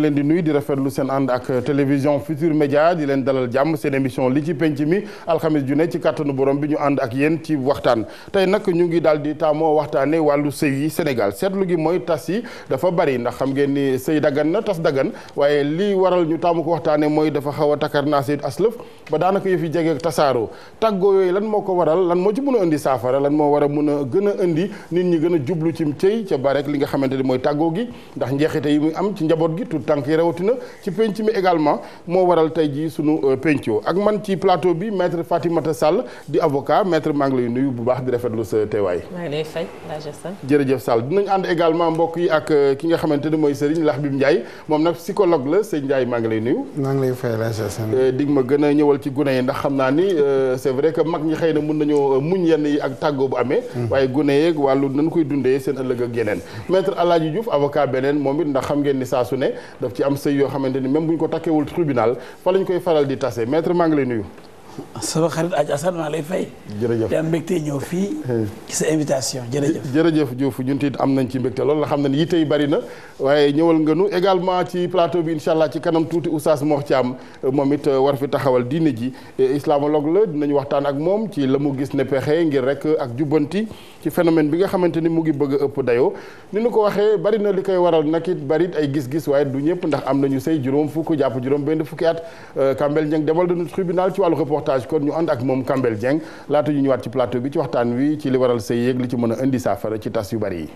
ngi leen di nuy di lu seen ànd ak télévision Futur Média di leen dalal jàmm seen émission li ci penc mi alxamis ju ne ci kàttanu borom bi ñu ànd ak yéen ci waxtaan tey nag ñu ngi daal di taamoo waxtaane wàllu sëy yi Sénégal seetlu gi mooy tas yi dafa bari ndax xam ngeen ni sëy dagan na tas dagan waaye li waral ñu taamu ko waxtaane mooy dafa xaw a takar naa sëy aslëf ba daanaka yëf yi jege tasaaroo tàggoo yooyu lan moo ko waral lan moo ci mën a indi saafara lan moo war a mën a gën a indi nit ñi gën a jublu ci cëy ca ba li nga xamante ni mooy tàggoo gi tànk yi rawatina ci penc mi également moo waral tey jii sunu euh, pencoo ak man ci plateau bi di avocat maître maa ngi lay bu baax di rafetlu sa teewaay. maa ngi lay fay jërëjëf Sall dinañ ànd euh, ki nga xamante ne mooy Serigne Laxbib Ndiaye moom nag psychologue la sëñ Ndiaye maa ngi lay nuyu. maa ngi lay fay laaj euh, dig ma a ñëwal ci gune yi ndax xam naa ni c'est vrai que mag ñi xëy na mun nañoo muñ yenn yi ak tàggoo bu amee. Hmm. waaye gune yeeg wàllu nañ koy dundee seen ëllëg ak yeneen maître Alaaji Diouf avocat beneen moom it ndax xam ngeen ni saa su ne daf ci am sëy yoo xamante ni même bu ñu ko takkewul tribunal fa lañ koy faral di tase maître maa ngi lay nuyu sama xarit Aja Assane maa lay fay. jërëjëf yaa mbégte ñëw fii. ci sa invitation jërëjëf. jërëjëf Diouf ñun tiit am nañ ci mbégte loolu la xam ne ni yitte yi bari na waaye ñëwal nga nu également ci plateau bi incha allah ci kanam tuuti Oustaz Mor Thiam moom it war fi taxawal diine ji islamologue la dinañ waxtaan ak moom ci la mu gis ne pexe ngir rek ak jubbanti ci phénomène bi nga xamante ni mu ngi bëgg a ëpp dayoo. ni nu ko waxee bari na li koy waral nag it bari ay gis-gis waaye du ñëpp ndax am nañu say juróom fukk jàpp juróom benn fukki at euh, Kambel ci wàllu reportage kon ñu ànd moom Kambel Dieng laata ñu ñëwaat ci plateau bi ci waxtaan wi ci li waral say yéeg li ci mën a indi saafara ci tas yu bari yi.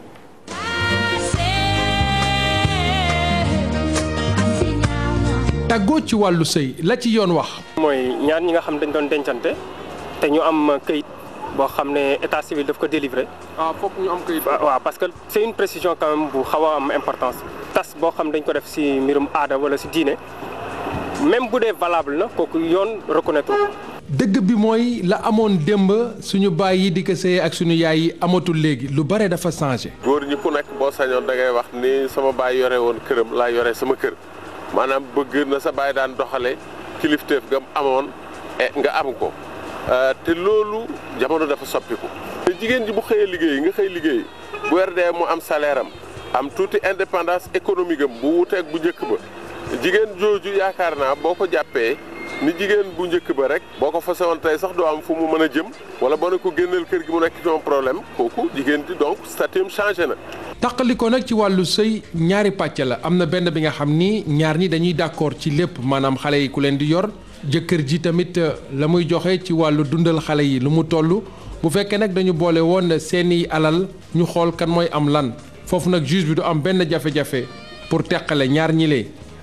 ci wàllu sëy la ci yoon wax. mooy ñaan ñi nga xam dañ doon dencante te ñu am kayit boo xam ne état civil daf ko délivré. ah foog ñu am këyit. waaw parce que c'est une précision quand bu xaw am importance tas boo xam dañ ko def ci mbirum aada wala ci diine. même bu dee valable na kooku yoon reconnaître dëgg bi mooy la amoon démb suñu baay yi di ko sëyee ak suñu yaay yi amatul léegi lu bare dafa changé. góor ñi ku nekk boo sañoon da ngay wax ni sama baay yore woon këram laa yore sama kër maanaam bëgg na sa baay daan doxale kilifteef nga amoon eh, nga am ko euh, te loolu jamono dafa soppiku. te jigéen ji bu xëyee liggéey nga xëy liggéey bu weer dee mu am saleeram am am tuuti indépendance économique am bu wuteeg bu njëkk ba. jigéen jooju yaakaar naa boo ko jàppee ni jigéen bu njëkk ba rek boo ko fasewoon tey sax doo am fu mu mën a jëm wala boo ne ko génneel kër gi mu nekk ci moom problème kooku jigéen di donc statut changé na. taqali ko nag ci wàllu sëy ñaari pàcc la am na benn bi nga xam ni ñaar ñi dañuy d'accord ci lépp maanaam xale yi ku leen di yor jëkkër ji tamit euh, la muy joxe ci wàllu dundal xale yi lu mu toll bu fekkee nag dañu boole woon seeni alal ñu xool kan mooy am lan foofu nag juge bi du am benn jafe pour teqale ñaar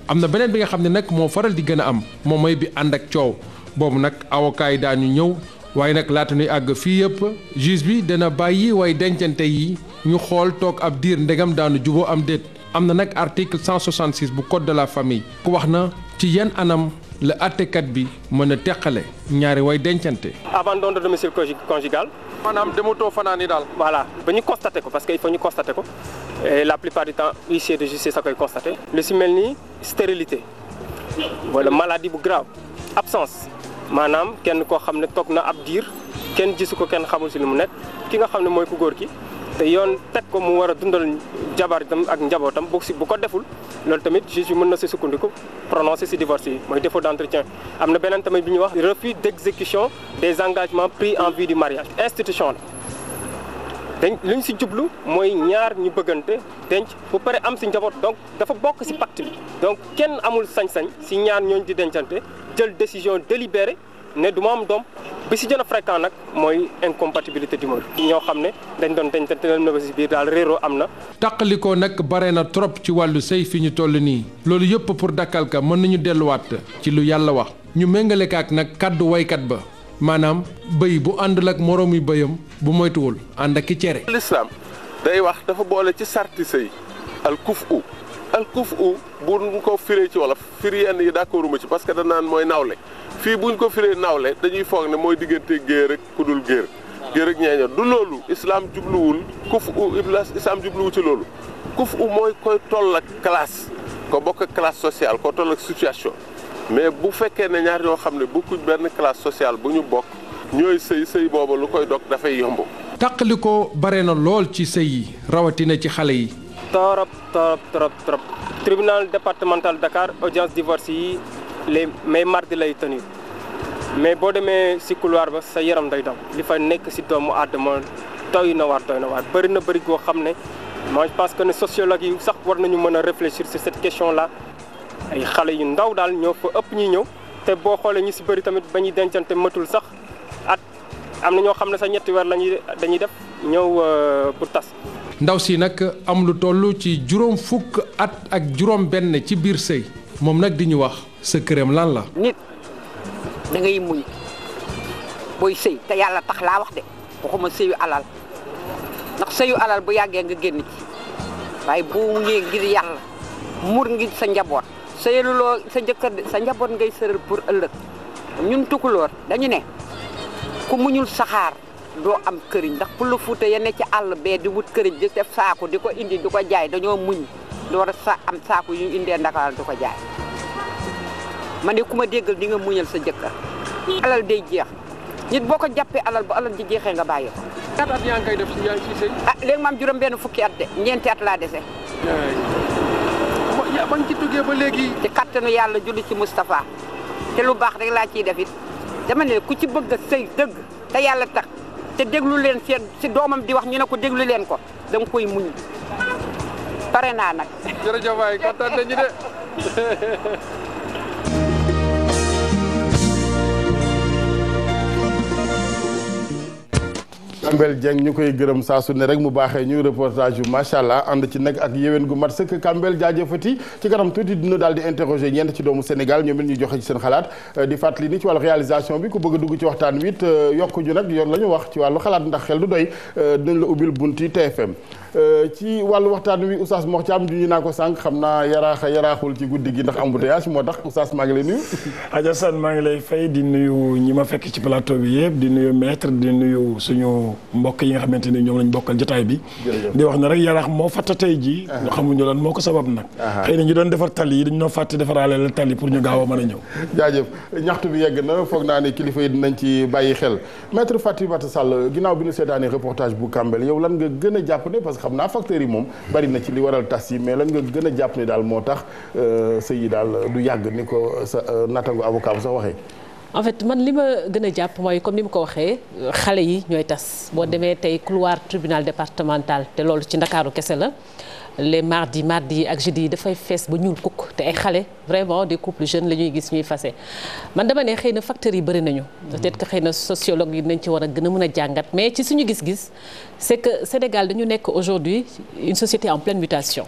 am na beneen bi nga xam ne nag moo faral di gën a am moom mooy bi ànd ak coow boobu nag avocat yi daañu ñëw waaye nag laata ñuy àgg fii yëpp juge bi dana bàyyi way dencante yi ñu xool toog ab diir ndegam daanu juboo am déet am na nag article 166 bu code de la famille ku wax na ci yan anam la àttekat bi mën a teqale ñaari way dencante. abandon de domicile conjugal. maanaam dematoo fanaan yi daal. voilà ba ñu constaté ko parce que il faut ñu constaté ko et la plupart du temps huissier de justice a koy constaté lu si mel ni stérilité wala maladie bu grave absence maanaam kenn koo xam ne toog na ab diir kenn gisu ko kenn xamul si lu mu nekk ki nga xam ne mooy ku góor ki te yoon teg ko mu war a dundal jabar itam ak njabootam bu si bu ko deful loolu tamit juge mën na si sukkandiku prononcé si divorce yi mooy défaut d' am na beneen tamit bi ñuy wax refus d' exécution des engagements pris en vue du mariage dañ li ñu si jublu mooy ñaar ñu bëggante denc bu pare am si njaboot donc dafa bokk si pacte bi donc kenn amul sañ-sañ si ñaar ñooñu di dencante jël décision délibérée ne du ma am doom bi si jën a fréquent nag mooy incompatibilité d'humeur ñoo xam ne dañ doon dencante leen na si biir daal réeroo am na. taqalikoo nag bare na trop ci wàllu sëy fi ñu toll nii loolu yëpp pour dakkal ka mën nañu delluwaat ci lu yàlla wax ñu méngale nag kàddu woykat ba. maanaam bëy bu àndul ak moroomi bëyam bu moytuwul ànd ak ki cere lislaam day wax dafa boole ci sarti sëy al kuf u al kuf u buñ ko firee ci wolof firi yenn yi d'accorduma ci parce que danaan mooy nawle fii bu buñ ko firee nawle dañuy foog ne mooy diggante géer ak ku dul géer géer ak ñeeño du loolu islaam jubluwul kuf u iblas islaam jubluwul ci loolu kuf u mooy koy toll ak classe ko bokk classe sociale ko toll ak situation mais bu fekkee ne ñaar ñoo xam ne bokkuñ benn classe sociale bu ñu bokk ñooy sëy sëy booba lu koy dog dafay yomb. taqali ko bare na lool ci sëy yi rawatina ci xale yi. torop torop torop torop tribunal départemental Dakar audience divorce yi les mais mardi lay tenu mais boo demee si couloir ba sa yaram day daw li fa nekk si doomu aadama doy na waar doy na waar bari na bëri goo xam ne moi je pense que ne sociologue yi sax war nañu mën a réfléchir sur cette question là. ay xale yu ndaw daal ñoo fa ëpp ñuy ñëw te boo xoolee ñu si bëri tamit ba ñuy dencante matul sax at am na ñoo xam ne sax ñetti weer lañuy dañuy def ñëw euh, pour tas. ndaw si nag am lu toll ci juróom fukk at ak juróom benn ci biir sëy moom nag di ñu wax sa këram lan la. nit da muñ booy sëy te yàlla tax laa wax de waxuma sëyu alal ndax sëyu alal bu yàggee nga génn ci waaye boo muñee ngir yàlla mur ngir sa njaboot. sëyaluloo sa jëkkër sa njaboot ngay sëral pour ëllëg ñun tukulóor dañu ne ku muñul saxaar doo am këriñ ndax pour la fuuta ya ci àll bee di wut këriñ di def saako di ko indi di ko jaay dañoo muñ door a sa am saako yu indee ndakaar di ko jaay ma ne ku ma déggal di nga muñal sa jëkkër alal jeex nit boo ko jàppee alal bu alal ji jeexee nga bàyyi a ñaata at koy def si yaa ah, juróom benn fukki at de ñeenti at laa dese. yaa ba ci duggee ba léegi. ci kattanu yàlla julli ci Moustapha te lu baax rek laa ciy def it dama ne ku ci bëgg a sëy dëgg te yàlla tax te déglu leen seen si doomam di wax ñu ne ko déglu leen ko da koy muñ pare naa nag. jërëjëf waay kontaan de. Kambel Dieng ñu koy gërëm saa su ne rek mu baaxee ñu reportage yu macha allah ànd ci nag ak yéwén gu mat sëkk Kambel jaajëfati ci kanam tuuti dina daal di interroger ñeent ci doomu Sénégal ñoom it ñu joxe ci seen xalaat euh, di fàttali ni ci wàllu réalisation bi ku bëgg a dugg ci waxtaan wi it euh, yokk ñu nag yoon la ñu wax ci wàllu xalaat ndax xel du doy euh, dinañ la ubbil bunti TFM ci wàllu waxtaan wi Oustaz moo Thiam ju ñu naa ko sànq xam naa yaraaxa yaraaxul ci guddi gi ndax embouteillage moo tax Oustaz maa ngi lay nuyu maa ngi lay fay di nuyu ñi ma fekk ci plateau bi yëpp di nuyu maître di nuyu suñu mbokk yi nga xamante ni ñoom lañ bokkal jotaay bi di wax na rek yaraax moo fatta tey ji ñu xamuñu lan moo ko sabab nag xëy na ñu doon defar tali yi dañu doon fàtte defaraale la tali pour ñu gaaw a mën a ñëw jaajëf ñaxtu bi yegg na foog naa ne kilifa yi dinañ ci bàyyi xel yi Fatimata Sall ginnaaw bi nu seetaanee reportage bu Kambel yow lan nga gën a jàpp ne parce que xam naa facteurs yi moom bari na ci li waral tas yi mais lan nga gën a jàpp ne daal moo tax euh, sëy yi daal du yàgg ni ko sa euh, natango avocat bu sax waxee en fait man li ma gën a jàpp mooy comme ni ma ko waxee xale yi ñooy tas boo demee tey couloir tribunal départemental te loolu ci ndakaaru kese la les mardi mardi yi ak jeudi yi dafay fees ba ñuul kukk te ay xale vraiment de couples jeunes la ñuy gis ñuy fase man dama ne xëy na facteurs yi bëri nañu peut-être que xëy na sociologue yi nañ ci war a gën a mën a jàngat mais ci suñu gis-gis c'est que Sénégal dañu nekk aujourd'hui une société en pleine mutation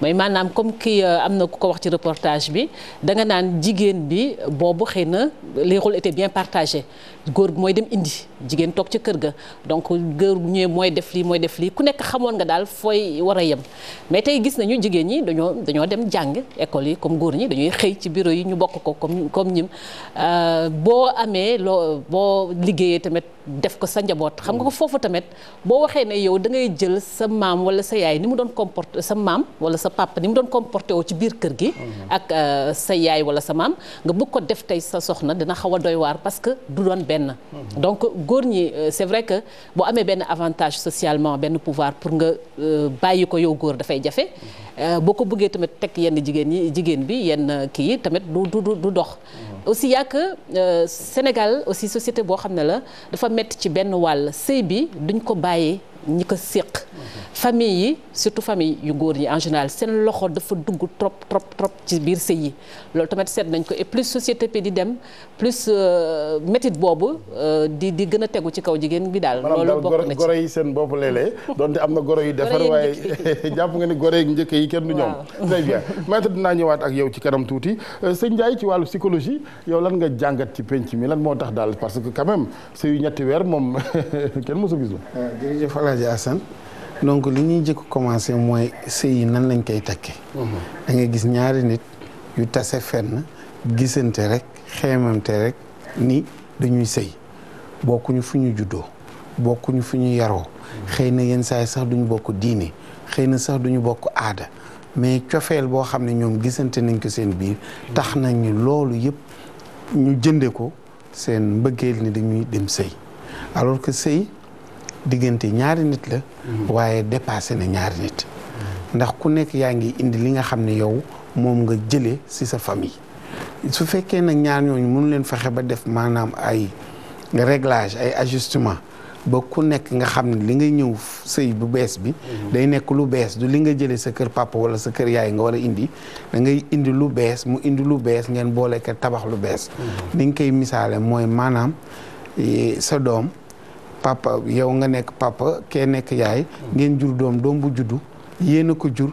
mooy maanaam comme kii euh, am na ku ko wax ci reportage bi danga naan jigéen bi boobu xëy na les rôles étaient bien partagés góor gi mooy dem indi jigéen toog ca kër ga donc góor gu ñëwee mooy def lii mooy def lii ku nekk xamoon nga daal fooy war a yem mais tey gis nañu jigéen ñi dañoo dañoo dem jàng école yi comme góor ñi dañuy xëy ci bureau yi ñu bokk ko comme comme ñim euh, boo amee loo boo liggéeyee tamit def ko sa njaboot xam nga ko foofu tamit boo waxee ne yow da ngay jël sa maam wala sa yaay ni mu doon comporté sa maam wala sa papa ni mu doon comporté woo ci biir kër gi mhm. ak euh, sa yaay wala sa maam nga bëgg ko def tey sa soxna dina xaw a doy waar parce que du doon benn mhm. donc góor ñi euh, c'est vrai que boo amee benn avantage socialement benn pouvoir pour nga euh, bàyyi ko yow góor dafay jafe mhm. boo ko buggee tamit teg yenn jigéen ñi jigéen bi yenn kii yi tamit du du du dox aussi yàq euh, Sénégal aussi société boo xam ne la dafa métti ci benn wàll sëy bi duñ ko bàyyee ñi ko séq famille yi surtout famille yu góor yi en général seen loxo dafa dugg trop trop trop ci biir sëy yi loolu tamit seet nañ ko et plus société bi di dem plus euh, métit boobu euh, di di gën a tegu ci kaw jigéen bi daal. loolu bokk na ci goro yi seen bopp léeg donte am na goro yi defar waaye jàpp nga ni goro yi njëkk yi kenn du ñoom. très bien dinaa ñëwaat ak yow ci kanam tuuti euh, sëñ Ndiaye ci wàllu psychologie yow lan nga jàngat ci penc mi lan moo tax daal parce que quand même suy ñetti weer moom kenn mosu gis la. jërëjëf El Hadj Assane donc li ñuy jëkk commencé mooy sëy nan lañ koy takke mhm. da nga gis ñaari nit yu tase fenn gisante rek. xeemamte rek ni dañuy sëy bokkuñu fu ñu juddoo bokkuñu fu ñu yaroo xëy na yenn saa sax duñu bokk diine xëy na sax duñu bokk aada mais cofeel boo xam ne ñoom gisante nañ ko seen biir tax nañu loolu yëpp ñu jënde ko seen mbëggeel ni dañuy dem sëy alors que sëy diggante ñaari nit la mm-hmm. waaye dépassé na ñaari nit ndax ku nekk yaa ngi indi li nga xam ne yow moom nga jële ci sa fami su fekkee nag ñaar ñooñu mënu leen fexe ba def maanaam ay réglage ay ajustement ba ku nekk nga xam ne li nga ñëw sëy bu bees bi mhm. day nekk lu bees du li nga jëlee sa kër papa wala sa kër yaay nga war a indi da ngay indi lu bees mu indi lu bees ngeen boole ko tabax lu bees li mhm. nga koy misaale mooy maanaam e, sa doom papa yow nga nekk papa kee nekk yaay mhm. ngeen jur doom doom bu juddu yéen a ko jur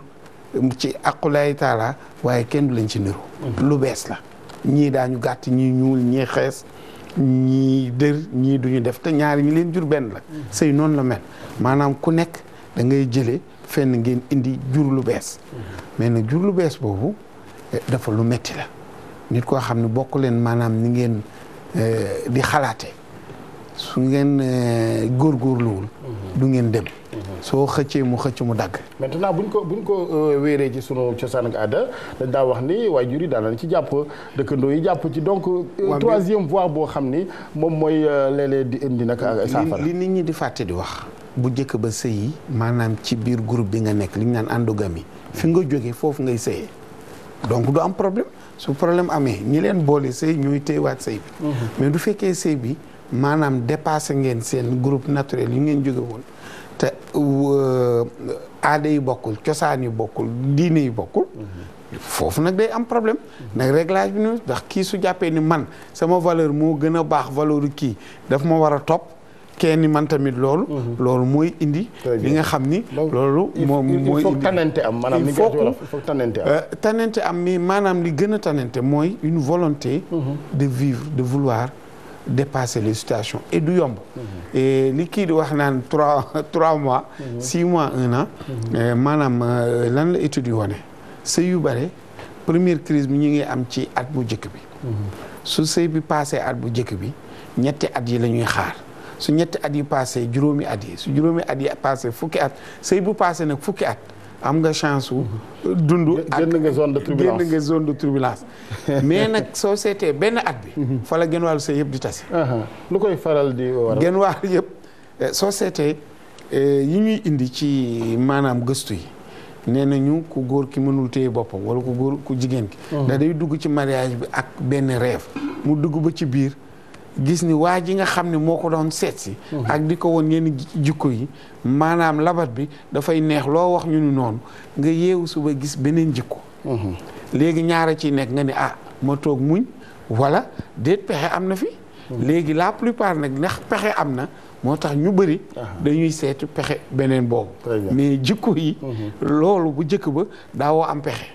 ci aqulaay taala waaye kenn du leen ci niru lu bees la ñii daañu gàtt ñii ñuul ñii xees ñii dër ñii duñu def te ñaari ñi leen jur benn la sëy noonu la mel maanaam ku nekk da ngay jëlee fenn ngeen indi jur lu bees mais nag jur lu bees boobu eh, dafa lu metti la nit koo xam ne bokk leen maanaam ni ngeen eh, di xalaate su ngeen eh, góorgóorluwul du ngeen dem soo xëccee mu xëcc mu dagg. maintenant buñ ko buñ ko euh, wéeree ci sunu cosaan ak aada daa wax ni waajur yi daan ci jàpp dëkkandoo yi jàpp ci donc. Euh, troisième voie boo xam ni moom mooy euh, léeg di indi nag. saafara li nit ñi di fàtte di wax. bu njëkk ba sëy yi maanaam ci biir groupe bi nga nekk li ñu naan endogami fi nga jógee foofu ngay sëyee donc du am problème su problème amee ñi leen boole sëy ñooy téewaat sëy bi mhm. mais du fekkee sëy bi maanaam dépassé ngeen seen groupe naturel yi ngeen jóge te euh, aada yi bokkul cosaan yi bokkul diine yi bokkul foofu nag day am problème nag réglage bi ñu ndax kii su jàppee ni man sama valeur moo gën a baax valeur kii daf ma war a topp kenn man tamit loolu mhm. loolu mooy indi li nga xam ni loolu moom mooy indi tanante am maanaam il faut tanante am euh, tanante maanaam li gën a tanante mooy une volonté mhm. de vivre de vouloir dépasser les situation et du yomb. Mhm. et li kii di wax naan trois trois mois. Mhm. six mois un an. Mhm. maanaam euh, lan la étude yi wane sëy yu bare première crise bi ñu ngi am ci at bu njëkk bi. su sëy bi paasee at bu njëkk bi ñetti at yi la ñuy xaar su ñetti at yi paasee juróomi at yi su juróomi at yi paasee fukki at sëy bu paasee nag fukki at. am nga chance wu dund ak génn nga zone de turbulence génn nga zone de turbulence mais nag soo seetee benn at bi mhm. fa la genn wàllu say yëpp di tase lu koy faral di waral genn wàllu yëpp eh, soo seetee eh, yi ñuy indi ci maanaam gëstu yi nee nañu ku góor ki mënul téye boppam wala ku góor ku jigéen ki mhm. da day dugg ci mariage bi ak benn rêve mu dugg ba ci biir gis ni waa ji nga xam ne moo ko doon seet si mhm. ak di ko woon yenn jikko yi maanaam labat bi dafay neex loo wax ñu ni noonu nga yeewu suba gis beneen jikko mhm. léegi ñaara ci nekk nga ni ah ma toog muñ wala déet pexe am na fi mhm. léegi la plupart nag ndax pexe am na moo tax ñu bëri dañuy seetu pexe beneen boobu mais jikko yi mhm. loolu bu jëkk ba daawoo am pexe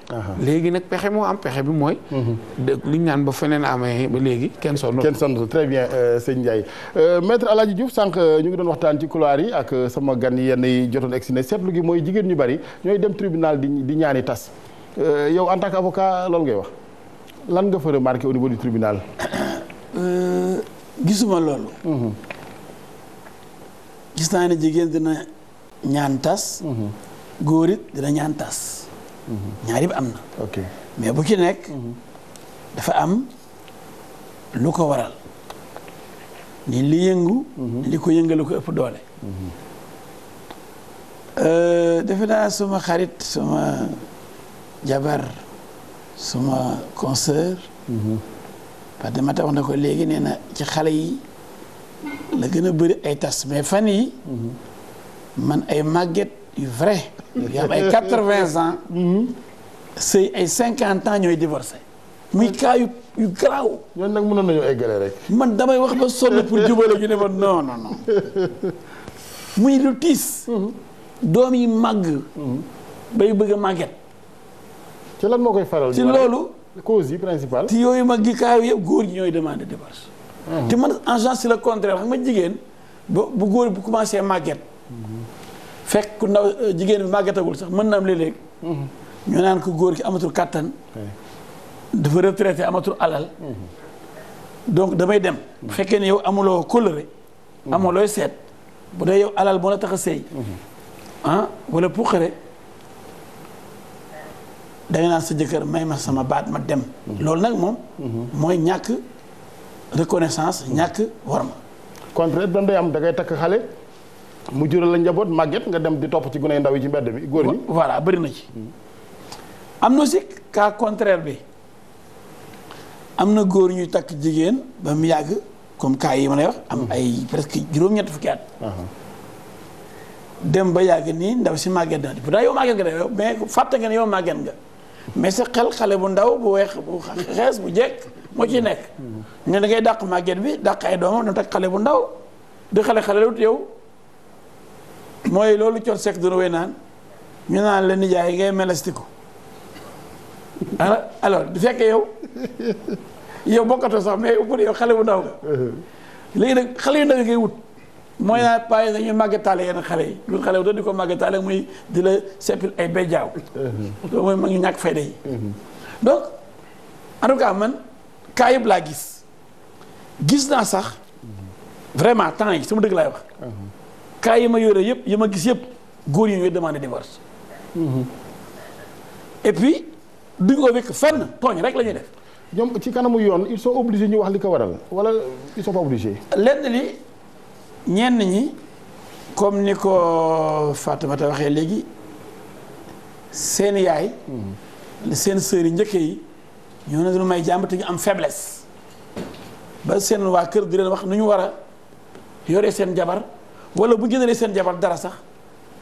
léegi nag pexe moo am pexe bi mooy mhm. li ñu naan ba feneen amee ba léegi kenn sonn kenn sonn très bien euh, sëñ Ndiaye euh, maître Alaaji Diouf sànq euh, ñu ngi doon waxtaan ci couloir yi ak sama gan yi yenn yi jotoon ne seetlu gi mooy jigéen ñu bari ñooy dem tribunal di di ñaani tas yow en tant que avocat loolu ngay wax lan nga fa remarqué au niveau du tribunal gisuma loolu mhm. gis naa ne jigéen dina ñaan tas mhm. góor it dina ñaan tas mhm. ñaar yëpp am na mais bu ci nekk mhm. dafa am lu ko waral ni li yëngu li ko yëngal ko ëpp doole euh, defe naa suma xarit suma jabar suma consoeur parce que ma tax na ko léegi nee na ci xale yi la gën a bëri ay tas mais fan yi man ay màgget yu vrai yu ay quatre-vingts ans mhm. sëy ay cinquante ans ñooy divorcé muy cas yu yu garaaw nag mënoon nañoo eggale rek man damay wax ba sonn pour jubale ñu ne ma non non non muy lu tiis mhm. doom yi màgg mhm. bay bëgg a màgget ci lan moo koy faral ci loolu cause yi principale ci yooyu magg gi cas yëpp góor ñi ñooy demandé divorce te man en général c'est le contraire xam nga jigéen ba bu góor bu commencé màgget. fekk ndaw euh, jigéen bi màggetagul sax mën na am léeg-léeg. ñu naan ko góor ki amatul kàttan dafa retraité amatul alal. donc damay dem. fekkee ne yow amuloo kóllëre. amoo looy seet. bu dee yow alal moo la tax a sëy. ah wala puqare da naan sa jëkkër may ma sama baat ma dem. Mm-hmm. loolu nag moom. Mm-hmm. mooy ñàkk. reconnaissance ñàkk warma. contraire dam day am da ngay takk xale mu jural la njaboot màgget nga dem di topp ci gune ndaw yi ci mbedd bi góor ñi. voilà bëri na ci. am na si cas contraire bi am na góor ñuy takk jigéen ba mu yàgg comme kaa yi ma lay wax. am ay presque juróom-ñett fukki at. dem ba yàgg nii ndaw si màgget na bu daa yow màgget nga de mais fàtte nga ne yow màgget nga. mais sa xel xale bu ndaw bu weex bu xees bu jekk moo ci nekk mm-hmm. ne da ngay dàq màgget bi dàq ay doomam dem tak xale bu ndaw di xale xale lut yow mooy loolu cor sec duna wey naan ñu naan la nijaay ngay melestiku alors du fekkee yow yow bokkatoo sax mais pour yow xale bu ndaw nga uh-huh. léegi nag xale yi ndaw ngay wut mooy naa bàyyi dañuy màggataale yenn xale yi lu xale wutoon di ko màggataale muy di la seppil ay béjjaaw mhm. mooy ma ngi ñàkk fayda yi mhm. donc en kaa yëpp laa gis gis naa sax vraiment temps yi sama dëgg laay wax kaa mhm. yi ma yore yëpp yi ma gis yëpp góor yi ñooy demandé divorce et puis duñ ko wékk fenn tooñ rek la ñuy def ñoom ci kanamu yoon il sont obligés ñu wax li ko waral wala ils sont pas obligés lenn li ñenn ñi comme ni ko Faatumata waxee léegi seen yaay mm-hmm. seen sœur yi njëkke yi ñoo ne dañu may jàmb te ñu am faibles ba seen waa kër di leen wax nu ñu war a yoree seen jabar wala bu jënalee seen jabar dara sax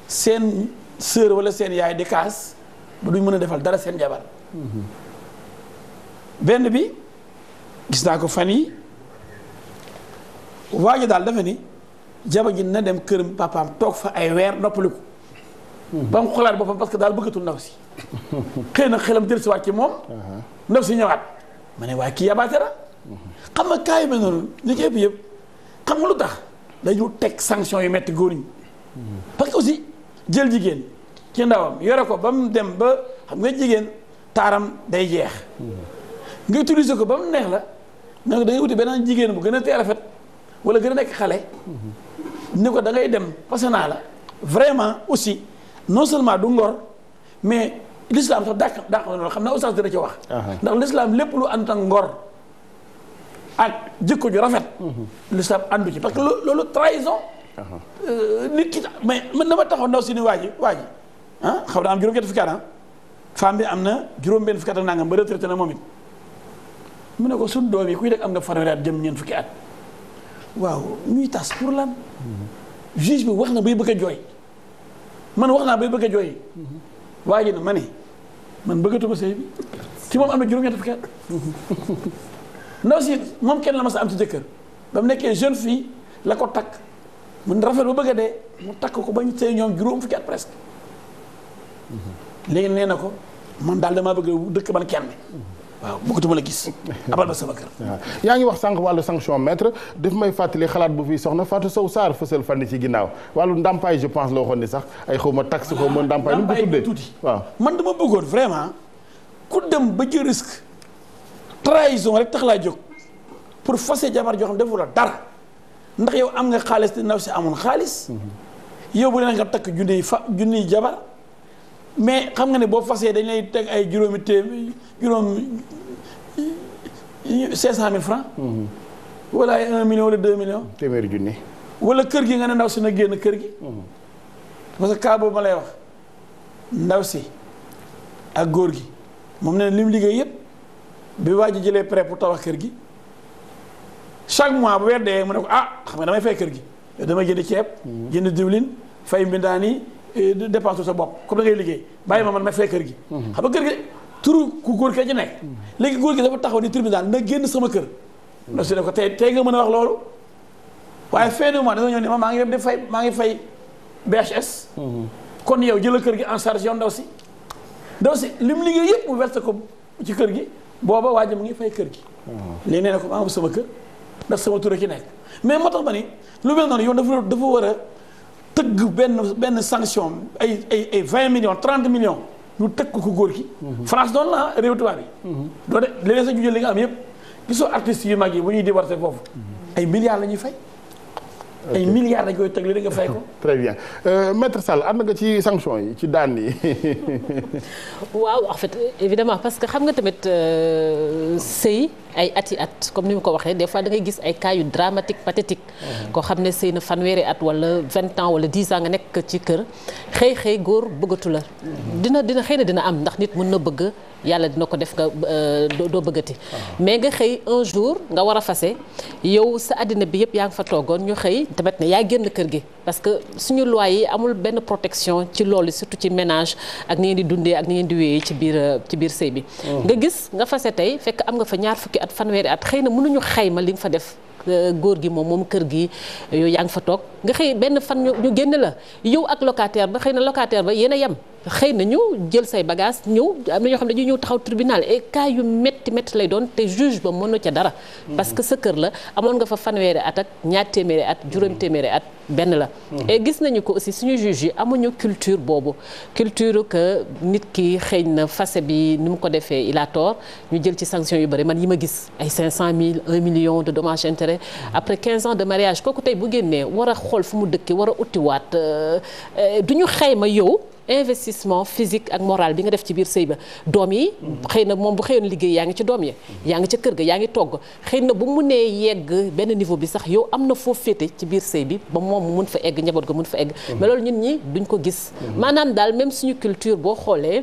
seen sœur wala seen yaay di kaas ba duñ mën a defal dara seen jabar mm-hmm. benn bi gis naa ko fan yi waa ji daal dafa ni jabar ji na dem këram papaam toog fa ay weer noppaliku ba mu xalaat boppam parce que daal bëggatul ndaw si xëy na xelam jël si waat ci moom ndaw si ñëwaat ma ne waaye kii yabaate la xam nga kaay mel noonu li ci ëpp yëpp xam nga lu tax dañu teg sanction yu metti parce que aussi jël jigéen ci ndawam yore ko ba mu dem ba xam nga jigéen taaram day jeex nga utiliser ko ba mu neex la nga da wuti beneen jigéen bu gën a teel a rafet wala gën a nekk xale ni ko da dem passé naa la vraiment aussi non seulement du ngor mais l'islam sax dàq dàq na loolu xam naa oustaz dina ci wax. Ah, ah. ndax l'islam lépp lu ànd ak ngor ak jikko ju rafet. Mhm. l'islam àndu ci parce que loolu trahison. Ah, euh, nit ki mais man dama taxoo ndaw si ni waa ji waa ji ah xaw naa am bi am na juróom-benn fukki at ak nangam ba retraité na moom it mu ne ko sunu doom yi kuy nekk am na fanweeri at jëm ñeent fukki at. waaw ñuy tas pour lan. juge bi wax na bay bëgg a jooy man wax naa bay bëgg a jooy. waaye ji na ma ne man bëggatuma sëy bi moom am na juróom-ñetti fukki at ndaw si moom kenn la ma sa am ci jëkkër ba mu nekkee jeune fille la ko takk mun rafet ba bëgg de mu takk ko ba ñu sëy ñoom juróom fukki presque léegi nee na ko man daal damaa bëgg dëkk man kenn. waaw bu ko tu mën a gis abal ba sama kër yaa ngi wax sànq wàllu sanction maître daf may fàttali xalaat bu fi soxna Fatou Sow Sarr fësal fànni ci ginnaaw wàllu ndàmpaay je pense la waxoon ni sax ay xaw ma taxe xaw ma ndàmpaay nu mu ko tuddee tuuti waaw man dama bëggoon vraiment ku dem ba jël risque trahison rek tax laa jóg pour fase jabar joo xam defu dara ndax yow am nga xaalis te ndaw si amoon xaalis mhm. yow bu leen nga takk junniy jabar mais xam nga ne boo fasee dañ lay teg ay juróomi téeméer juróom 500000 francs mm-hmm. wala ay 1 million wala 2 millions. téeméeri junni. wala kër gi nga ne ndaw si na génn kër gi. Mm-hmm. parce que cas ma lay wax ndaw si ak góor gi moom ne li liggéey yëpp bi waa ji jëlee prêt pour tabax kër gi chaque mois bu weer dee mu ne ko ah xam nga damay fay kër gi damay jënd ceeb. Mm-hmm. jënd diwlin fay mbindaan Eh, dépense sa bopp comme da ngay liggéey bàyyi ma man ma fay kër gi mhm. xam nga kër gi turu ku góor ki la ci nekk mhm. léegi góor gi dafa taxaw ni tribunal na génn sama kër mhm. a ma dafa ñëw ne ma maa ngi dem di fay maa ngi fay gi en charge yow ndaw si ndaw si li mu liggéey yëpp mu verse ko ci kër gi booba waa ji mu ngi fay kër gi léegi nee na ko maa ngi sama kër ndax sama tur a ki nekk mais moo tax ma ni lu mel noonu yow dafa war a tëgg benn benn sanction ay ay ay vingt million trente millions ñu tëgg ko góor gi. Mhm. France doon la réew tubaab yi. Mhm. doo de léeg-léeg sa jugee li nga am yëpp gisoo artistes yu mag yi bu ñuy divorcé foofu mhm. ay milliards la ñuy fay. ay milliards dañ koy teg li nga fay ko. très bien euh, maître Sall ànd nga ci sanctions yi ci daan yi. waaw en fait évidemment parce que xam nga tamit euh, sëy ay ati at comme ni mu ko waxee des fois da ngay gis ay cas dramatique pathétique mhm. koo xam ne seen fanweeri at wala vingt ans wala dix ans nga nekk ci kër xëy xëy góor bëggatu la mhm. dina dina xëy na dina am ndax nit mën na bëgg yàlla dina ko def nga euh, doo bëggati ah. mais nga xëy un jour nga war a fase yow sa àddina bi yëpp yaa ngi fa toogoon ñu xëy tamit ne yaa génn kër gi parce que suñu loi yi amul benn protection ci loolu surtout ci ménage ak ni ngeen di dundee ak ni ngeen di wéyee ci biir euh, ci biir sëy bi mhm. at fanweeri at xëy na mënuñu xayma li fa def euh, góor gi moom moom kër gi yow yaa ngi fa toog nga xëy benn fan ñu génn la yow ak locataire ba xëy na locataire ba yéen a yem xëy na ñu jël say bagage ñëw am na ñoo xam ne dañuy ñëw taxaw tribunal et cas yu métti métti lay doon te juge ba mënu ca dara. Mm-hmm. parce que sa kër la amoon nga fa fanweeri at ak ñaar téeméeri at mm-hmm. juróom téeméeri at benn la. Mm-hmm. et gis nañu ko aussi suñu juge yi amuñu culture boobu culture que nit ki xëy na fase bi ni mu ko defee il a tort ñu jël ci sanction yu bari man yi ma gis ay 500000 1 million de dommages intérêts après 15 ans de mariage kooku xool fu mu dëkki war a uttiwaat euh, du ñu xayma yow investissement physique ak moral bi nga def ci biir sëy ba doom yi xëy na moom bu xëyoon liggéey yaa ngi ci doom yi yaa ngi ca kër ga yaa ngi togg xëy na bu mu nee yegg benn niveau bi sax yow am na foo féete ci biir sëy bi ba moom mu mun fa egg njaboot ga mun fa egg mm-hmm. mais loolu ñun ñi duñ ko gis mm-hmm. maanaam daal même suñu culture boo xoolee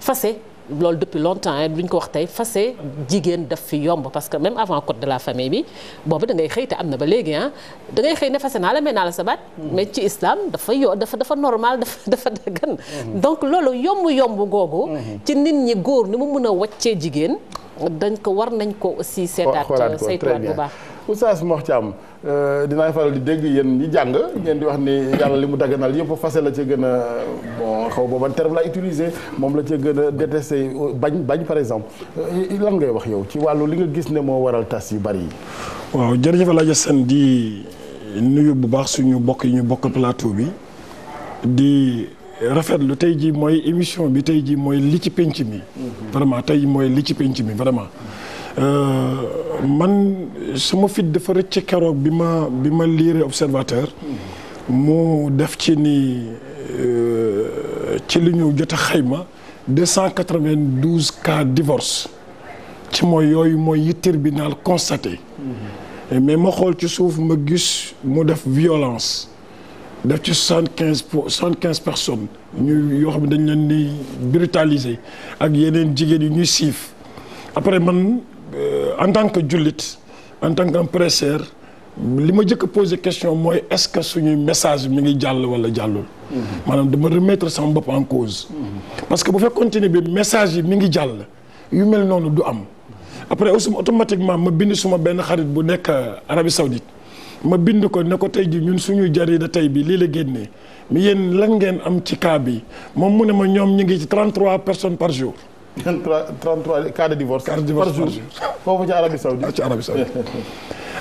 fase loolu depuis longtemps duñ ko wax tey fase jigéen daf fi yomb parce que même avant code de la famille bi boobu da ngay xëy te am na ba léegi ah dangay ngay xëy ne fase naa la mais naa la sabaat mm-hmm. mais ci islam dafa yo dafa dafa normal dafa dafa daggan mm-hmm. donc loolu yomb-yomb googu mm-hmm. ci nit ñi góor ni mu mun a waccee jigéen dañ ko war nañ ko aussi seetaat saytuwaat bu baax moo Oustaz Mor Thiam Euh, dinaay faral di dégg yéen ñi jàng ngeen di wax ni yàlla li mu daganal yëpp fase la ca gën a bon xaw booban terme la utiliser moom la ca gën a détesté bañ bañ par exemple euh, lan ngay wax yow ci wàllu li nga gis ne moo waral tas yu bari yi waaw jërëjëf El Hadj seen di nuyu bu baax suñu bokk yi ñu bokk plateau bi di rafetlu tey ji mooy émission bi tey ji mm-hmm. mooy li ci penc mi vraiment tey mooy li ci penc mi vraiment Euh, man su ma fit dafa rëcc keroog bi ma bi ma liire observateur mu def ci ni euh, ci li ñu jot a xayma deux cent quatre-vingt-douze cas divorce ci mooy yooyu mooy yi tribunal constaté mhm. mais ma xool ci suuf ma gis mu def violence def ci soixante quinze pour soixante quinze personnes yoo xam ne dañ leen di brutaliser ak yeneen jigéen yi ñuy siif après man Euh, en tant que jullit en tant que prêcheur li ma jëkk a question mooy est-ce que suñuy message mu ngi jàll wala jàllul. Mm-hmm. maanaam dama remettre sama bopp en cause. Mm-hmm. parce que bu fekk continuer bi message yi mi ngi jàll yu mel noonu du am. après aussi automatiquement ma bind suma benn xarit bu nekk Arabie Saoudite ma bind ko ne ko tey ji ñun suñuy da tey bi lii la génnee mi yéen lan ngeen am ci cas bi moom mu ne ma ñoom ñu ngi ci 33 personnes par jour. 33 cas de divorce. cas de divorce par jour foofu ci Arabie Saoudite ci Arabie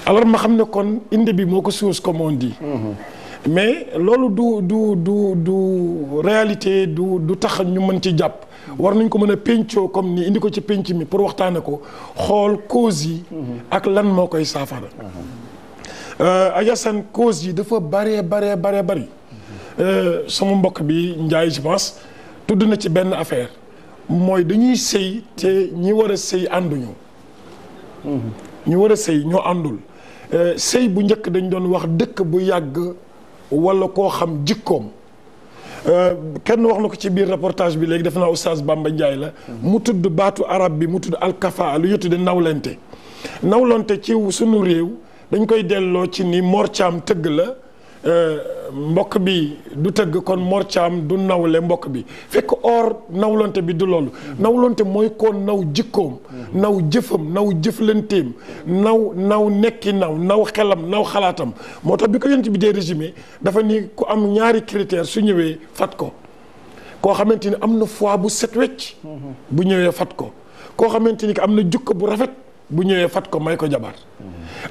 alors ma xam ne kon indi bi moo ko source comme on dit. Mhm. mais loolu du du du du du tax ñu mën ci jàpp. war nañ ko mën a pencoo comme ni indi ko ci penc mi pour waxtaane ko xool cause yi. Mhm. ak lan moo koy saafara. Mhm. Euh, Ayasan cause yi dafa bare bare baree bari. Euh, sama mbokk bi Ndiaye je pense tudd na ci benn affaire. mooy dañuy sëy te ñi war a sëy ànduñu ñi war a sëy ñoo àndul euh, sëy bu njëkk dañ doon wax dëkk bu yàgg wala koo xam jikkoom euh, kenn wax na ko ci biir reportage bi léegi def naa oustaz Bamba Ndiaye la mm-hmm. mu tudd baatu arab bi mu tudd alkafa lu ñu tudd nawlante nawlante ci sunu réew dañ koy delloo ci ni Mor Thiam tëgg la Euh, mbokk bi du tëgg kon morcaam du nawle mbokk bi fekk or nawlonte bi du loolu nawlonte mooy koo naw jikkoom naw jëfam naw jëflanteem naw naw nekki naw naw xelam naw xalaatam moo tax bi ko yonent bi dee résumé dafa ni ku am ñaari critère su ñëwee fat ko koo xamante ni am na foi bu set wecc bu ñëwee fat ko koo xamante ni am na jukko bu rafet bu ñëwee fat ko may ko jabar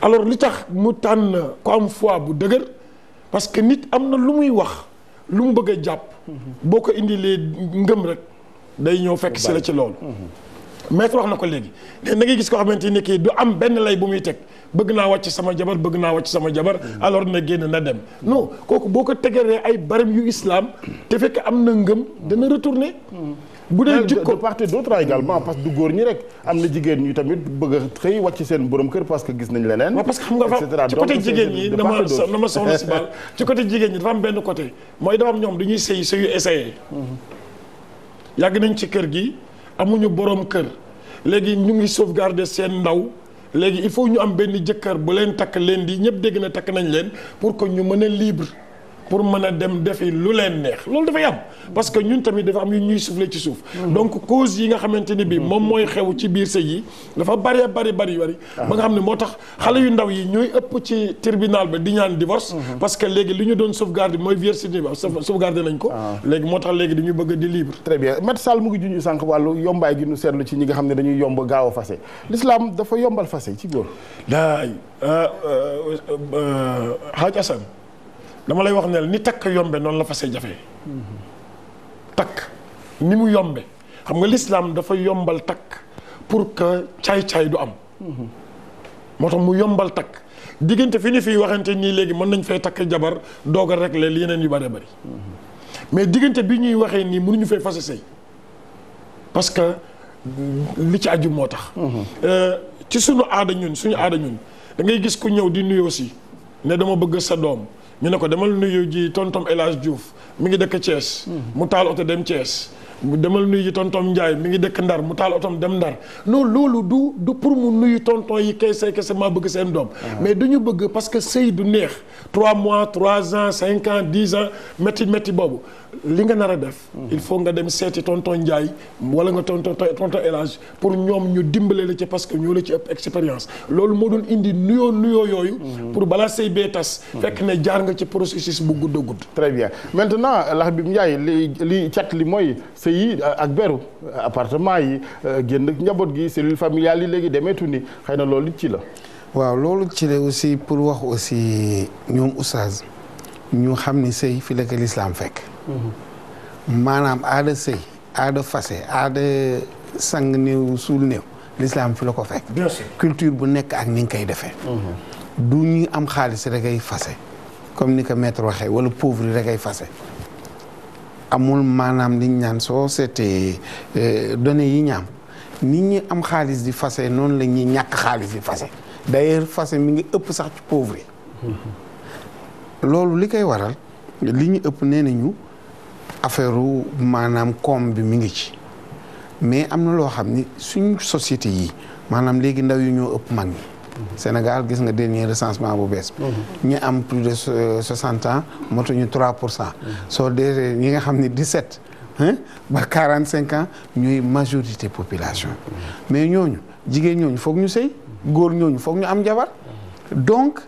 alors li tax mu tànn ku am foi bu dëgër parce que nit am na lu muy wax lu mu bëgg a jàpp. boo ko indilee ngëm rek day ñëw fekk si la ci loolu. maître wax na ko léegi da ngay gis koo xamante ni kii du am benn lay bu muy teg bëgg naa wàcc sama jabar bëgg naa wàcc sama jabar alors na génn na dem non kooku boo ko tegeree ay barem yu islam te fekk am na ngëm dana retourner bu dee jikko de part et d'autre également parce que du góor ñi rek am na jigéen ñi tamit bëgg a xëy wàcc seen borom kër parce que gis nañ leneen. parce que xam nga ci côté jigéen ñi dama ñi dafa am benn côté mooy dafa am ñoom dañuy sëy sëyu essayé. Mm-hmm. yàgg nañ ci kër gi amuñu borom kër léegi ñu ngi sauvegarder seen ndaw. léegi il faut ñu am benn jëkkër ba leen takk leen di ñëpp dégg na takk nañ leen pour que ñu mën a libre pour mën a dem defi lu leen neex loolu dafay am parce que ñun tamit dafa am yu ñuy soufflé ci suuf mhm. donc cause yi nga xamante ni bi mhm. moom mooy xew ci biir sëy yi dafa bari bari bari bari ah. ba nga xam ne moo tax xale yu ndaw yi ñooy ëpp ci tribunal bi di ñaan divorce mhm. parce que léegi li ñu doon sauvegarder mooy virginité ba sauvegarder nañ ko ah. léegi moo tax léegi dañuy bëgg di libre très bien Maître Sall mu ngi junj sànq wàllu yombaay gi ñu seetlu ci ñi nga xam ne dañu yomb gaaw a fase l'islam dafa yombal fase ci góor daay xaaj ah, euh, euh, euh, Assane dama lay wax ne ni takk yombe noonu la fase jafe takk ni mu yombe xam nga lislaam dafa yombal takk pour que caay-caay du am moo tax mu yombal takk diggante fi ni fiy waxante nii léegi mën nañ fay takk jabar doog a régler yeneen yu bare bëri mais diggante bi ñuy waxee nii ñu fay fase sëy parce que li ci aju moo tax euh, ci suñu aada ñun suñu aada ñun da gis ku ñëw di nuyoo si ne dama bëgg sa doom ñu ne ko demal nuyu ji tontom El Hadj Diouf mi ngi dëkk Thiès. Hmm. mu taal oto dem Thiès. mu demal nuyu ji tontom Ndiaye mi ngi dëkk Ndar mu taal otom dem Ndar non loolu du du pour mu nuyu tonton yi kese kese maa bëgg seen doom. Ah. mais du ñu bëgg parce que sëy du neex. trois mois trois ans 5 dix ans métti métti boobu. li nga nar a def. il faut nga dem seeti tonton Ndiaye wala nga tonton tonton El Hadj pour ñoom ñu dimbale la ci parce que ñoo la ci ëpp expérience loolu moo doon indi nuyoo nuyoo yooyu. pour balaa say bee tas. fekk ne jaar nga ci processus bu gudd a gudd. très bien maintenant Habib Ndiaye li li cat li mooy sëy yi ak beru appartement yi euh, génn njaboot gi cellule familiale yi léegi demeetu ni xëy na loolu ci la. waaw loolu ci la aussi pour wax aussi ñoom oustaz ñu xam ni sëy fi la ko lislaam fekk. Mm-hmm. maanaam aada sëy aada fase aada sang néew suul néew l'islam fi la ko fekk culture bu nekk ak ni nga koy defee mm-hmm. du ñuy am xaalis rek ay fase comme ni ko maître waxee wala pauvre rek ay fase amul maanaam liñ ñaan soo seetee euh, données yi ñaam nit ñi am xaalis di fase noonu la ñuy ñàkk xaalis di fase d'ailleurs fase mi ngi ëpp sax ci pauvre mm-hmm. loolu li koy waral li ñu ëpp nee nañu affaire maanaam koom bi mi ngi ci mais am na loo xam ni suñ société yi maanaam léegi ndaw yu ñoo ëpp mag ñi. Sénégal gis nga dernier recensement bu bees bi. Mhm. ñi am plus de euh, soixante ans motuñu trois pour cent. Mhm. soo dee ñi nga xam ni dix-sept ba quarante cinq ans ñuy majorité population. Mhm. mais ñooñu jigéen ñooñu foog ñu sëy góor ñooñu foog ñu am jabar donc.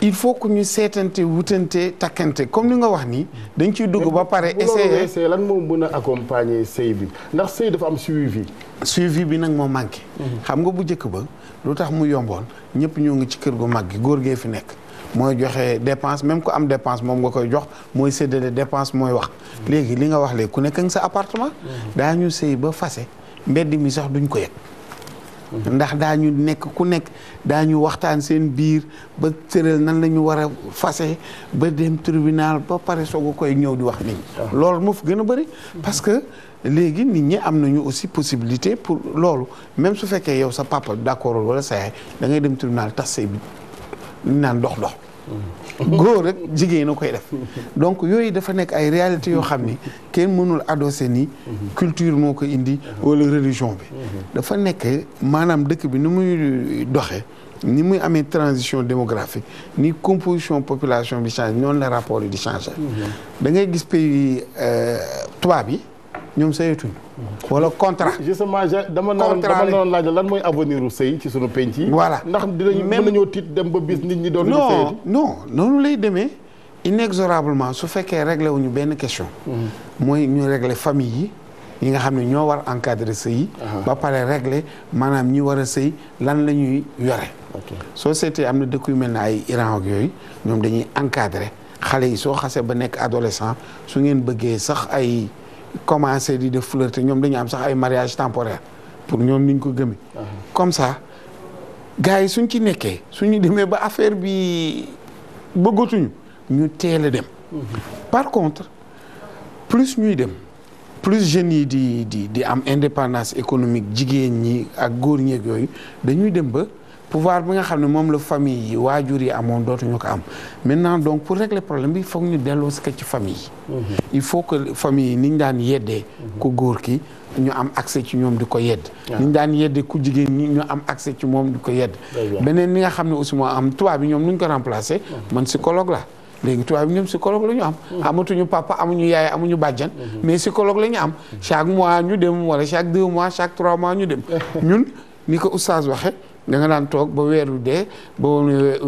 il faut que ñu seetante wutante takkante comme ni nga wax nii dañ ciy dugg ba pare essayer lan moo mën a accompagner sëy bi ndax sëy dafa am suivi suivi bi nag moo manqué mhm. xam nga bu njëkk ba lu tax mu yomboon ñëpp ñoo ngi ci kër gu mag gi góor gee fi nekk mooy joxe dépense même ko am dépense moom nga koy jox mooy séddale dépense mooy wax léegi li nga wax léegi ku nekk nga sa appartement mhm. daa ñu sëy ba fase mbedd mi sax duñ ko yëg ndax daañu nekk ku nekk daañu waxtaan seen biir ba tëral nan la ñu war a fase ba dem tribunal ba pare soog a koy ñëw di wax nii. loolu moo fi gën a bëri. parce que léegi nit ñi am nañu aussi possibilité pour loolu même su fekkee yow sa papa d'accord wala sa yaay da ngay dem tribunal tas say bi naan dox dox. góor rek jigéen a koy def donc yooyu dafa nekk ay réalités yoo xam ni kenn mënul adossé ni culture moo ko indi walla religion bi dafa nekk maanaam dëkk bi ni muy doxe ni muy amee transition démographique ni composition population bi change noonu la rapport di changé mhm. da ngay gis pays euh, tubaab yi ñoom sëyatuñ wala contrat. justement dama naan dama naan lan mooy avenir u sëy ci sunu penc yi. voilà ndax dinañ mën nañoo tiit dem ba bis nit ñi doon. non non noonu lay demee. inexorablement su fekkee réglé wuñu benn question. Mm-hmm. mooy ñu réglé famille yi. yi nga xam ne ñoo war encadrer sëy yi. Uh-huh. ba pare régler maanaam ñi war a sëy lan la ñuy yore. soo seetee am na dëkk yu mel ne ay Iran ak yooyu ñoom dañuy encadrer xale yi soo xasee ba nekk adolescent su ngeen bëggee sax ay commencé di def flirter ñoom dañu am sax ay mariage temporaire pour ñoom niñ ko gëmee. Uh-huh. comme ça gars yi suñ ci nekkee suñu demee ba affaire bi bëggatuñu ñu teel a dem. Uh-huh. par contre plus ñuy dem plus jeunes yi di di di am indépendance économique jigéen ñi ak góor ñeeg yooyu dañuy dem ba. pouvoir bi nga xam ne moom la famille yi waajur yi amoon dootuñu ko am maintenant donc pour régler problème bi foog ñu delloo si ko ci famille mhm. il faut que famille yi ni ñu daan yeddee mhm. ku góor ki ñu am accès ci ñoom di ko yedd ni daan yedde ku jigéen ñi ñu am accès ci moom di ko yedd beneen li nga xam ne aussi moo am tubaab bi ñoom nu ko remplacer mhm. man psychologue la léegi tubaab bi ñoom psychologue la ñu am amatuñu papa amuñu yaay amuñu bàjjan mais psychologue la ñu am chaque mois ñu dem wala chaque deux mois chaque trois ñu dem ñun ni ko oustaz waxe da nga daan toog ba weer wi dee ba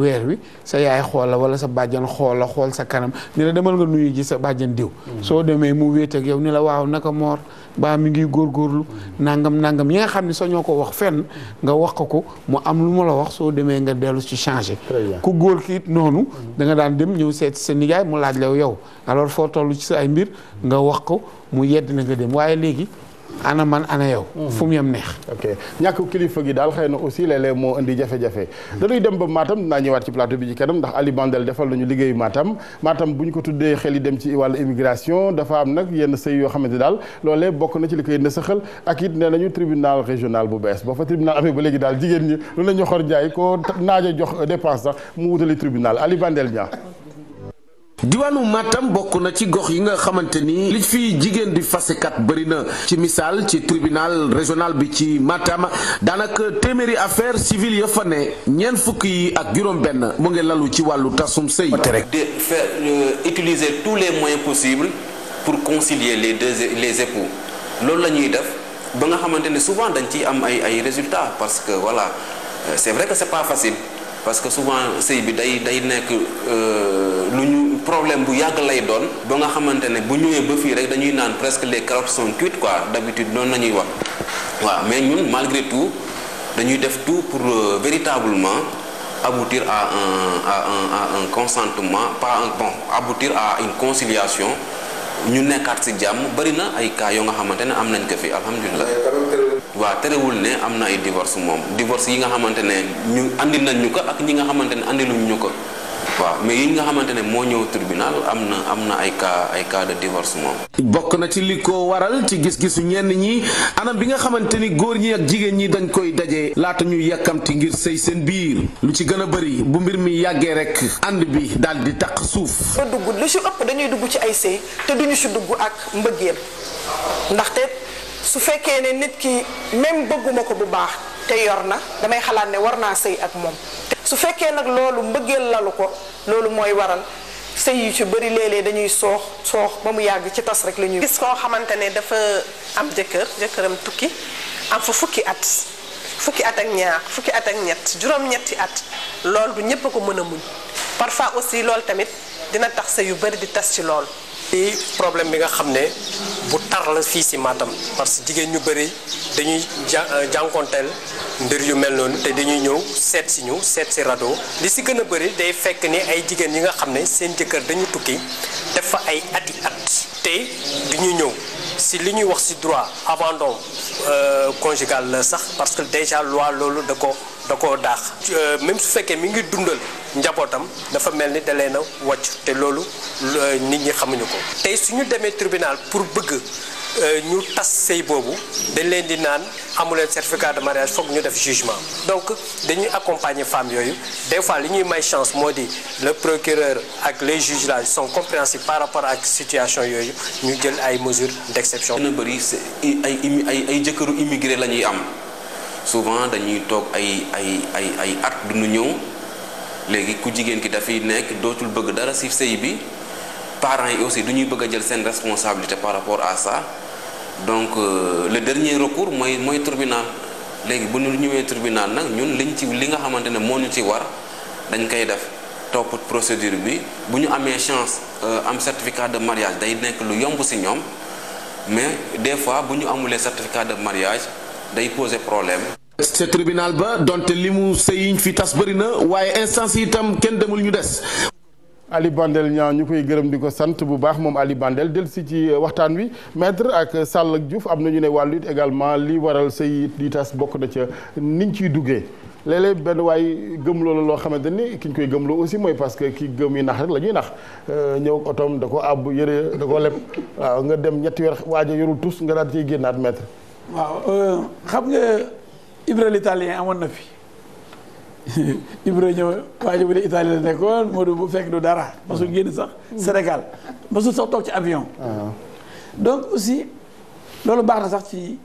weer wi sa yaay xool la wala sa bàjjan xool la xool sa kanam ni la demal nga nuyu ji sa bàjjan diw mm. soo demee mu wéet ak yow ni la waaw naka moor baa mi ngi góorgóorlu mm. nangam nangam yi nga xam ne soo ñoo ko wax fenn mm. nga wax ko ko mu am lu mu la wax soo demee nga dellu ci changé ku góor ki noonu danga daan dem ñëw seet sa nijaay mu laaj la yow alors foo toll ci sa ay mbir nga wax ko mu yedd na nga dem waaye léegi ana man ana yow. Hmm. fu mu yem neex. ok ñàkk kilifa gi daal xëy na aussi léeg-léeg moo indi jafe-jafe. dañuy dem ba Matam dinaa ñëwaat ci plateau bi ci kanam ndax Ali Bandel nañu liggéeyu Matam Matam ko tuddee xel yi dem ci wàllu immigration dafa am nag yenn sëy yoo xamante daal loolee bokk na ci li koy nësaxal ak it nee nañu tribunal régional bu bees ba fa tribunal amee ba léegi daal jigéen ñi lu la ñu xor njaay ko naaja jox dépense sax mu wutali tribunal Ali Bandel diwaanu Matam bokk na ci gox yi nga xamante ni li fi jigéen di fasekat bëri na ci misaal ci tribunal régional bi ci Matam daanaka téeméeri affaire civile ya fa ne ñeent fukk yi ak juróom-benn mu ngi lalu ci wàllu tasum sëy. de faire euh, utiliser tous les moyens possibles pour concilier les deux les époux loolu la ñuy def ba nga xamante ne souvent dañ ciy am ay ay résultats parce que voilà euh, c'est vrai que c'est pas facile parce que souvent sëy bi day day nekk euh, problème bu yàgg lay doon ba nga xamante ne bu ñëwee ba fii rek dañuy naan presque les carottes sont cuites quoi d'habitude noonu la ñuy wax waaw mais ñun malgré tout dañuy def tout pour euh, véritablement aboutir à un consentement pas un bon aboutir à une conciliation ñu nekkaat ci jàmm bari na ay cas yoo nga xamante ne am nañ ko fi alhamdulilah. waa terewul ne am na ay divorce moom divorce yi nga xamante ne ñu indi nañ ñu ko ak ñi nga xamante ne andiluñ ñu ko. waaw mais yi nga xamante ne moo ñëw tribunal am na am na ay cas ay cas de divorce bokk na ci li ko waral ci gis-gisu ñenn ñi anam bi nga xamante ni góor ñi ak jigéen ñi dañ koy daje laata ñuy yàkkamti ngir sëy seen biir lu ci gën a bëri bu mbir mi yàggee rek ànd bi daal di taq suuf. nga dugg lu ci ëpp dañuy dugg ci ay sëy te duñu ci dugg ak mbëggeel ndaxte su fekkee ne nit ki même bëgguma ko bu baax. te yor na damay xalaat ne war naa sëy ak moom su fekkee nag loolu mbëggeel lalu ko loolu mooy waral sëy yu ci bëri léeg-léeg dañuy soox soox ba mu yàgg ci tas rek lañuy gis koo xamante ne dafa am jëkkër jëkkëram tukki am fa fukki at fukki at ak ñaar fukki at ak ñett juróom-ñetti at loolu du ñépp a ko mën a muñ parfois aussi loolu tamit dina tax sëy yu bëri di tas ci loolu problème bi nga xam ne bu tar la fii si Matam parce que jigéen ñu bëri dañuy euh, jànkonteel mbir yu mel noonu te dañuy ñëw seet si ñu seet si rado li si gën a bëri day fekk ni ay jigéen yi nga xam ne seen jëkkër dañu tukki def fa ay ati at te du ñëw si li ñuy wax si droit abandon euh, conjugal la sax parce que déjà loi loolu da ko da koo daax euh, même su fekkee mi ngi dundal njabootam dafa mel ni da leen a te loolu euh, nit ñi xamuñu ko tey suñu demee tribunal pour bëgg euh, ñu tas sëy boobu dañ leen di naan amuleen certificat de mariage foog ñu def jugement donc dañuy accompagner femmes yooyu des fois li ñuy may chance moo di le procureur ak les juges là sont compréhensifs par rapport ak situation yooyu ñu jël ay mesures d'exception. bëri ay ay ay jëkkëru immigré la ñuy am. souvent dañuy toog ay ay ay ay at duñu ñëw léegi ku jigéen ki dafay nekk dootul bëgg dara ci sëy bi parents yi aussi du ñuy bëgg a jël seen responsabilité par rapport à sa donc euh, le dernier recours mooy mooy tribunal léegi bu ñu ñëwee tribunal nag ñun liñ ci li nga xamante ne moo ñu ci war dañ koy def topp procédure bi bu ñu amee chance euh, am certificat de mariage day nekk lu yomb ci ñoom mais des fois bu ñu amulee certificat de mariage day poser problème. ce tribunal ba donte li mu sëyiñ fi tas bëri na waaye instance yi itam kenn demul ñu des. Ali Bandel ñaa ñu koy gërëm di ko sant bu baax moom Ali Bandel del si ci euh, waxtaan wi maître ak sàll ak Diouf am na ñu ne wàllu it également li waral sëy di tas bokk na ca niñ ciy duggee. léeg-léeg benn waay gëm loolu loo xamante ni ki koy gëm loo aussi mooy parce que ki gëm yi nax rek la ñuy nax euh, ñëw otoom da ko àbb yëre da ko leb waaw nga dem ñetti weer waaja yorul tus nga daal di ciy waaw euh, xam nga Ibra l'italien amoon na fi Ibra ñëw waa ji bu dee Italie la nekkoon Modou bu fekk du dara masul génn sax Sénégal masul sax toog ci avion ah. donc aussi loolu baax na sax ci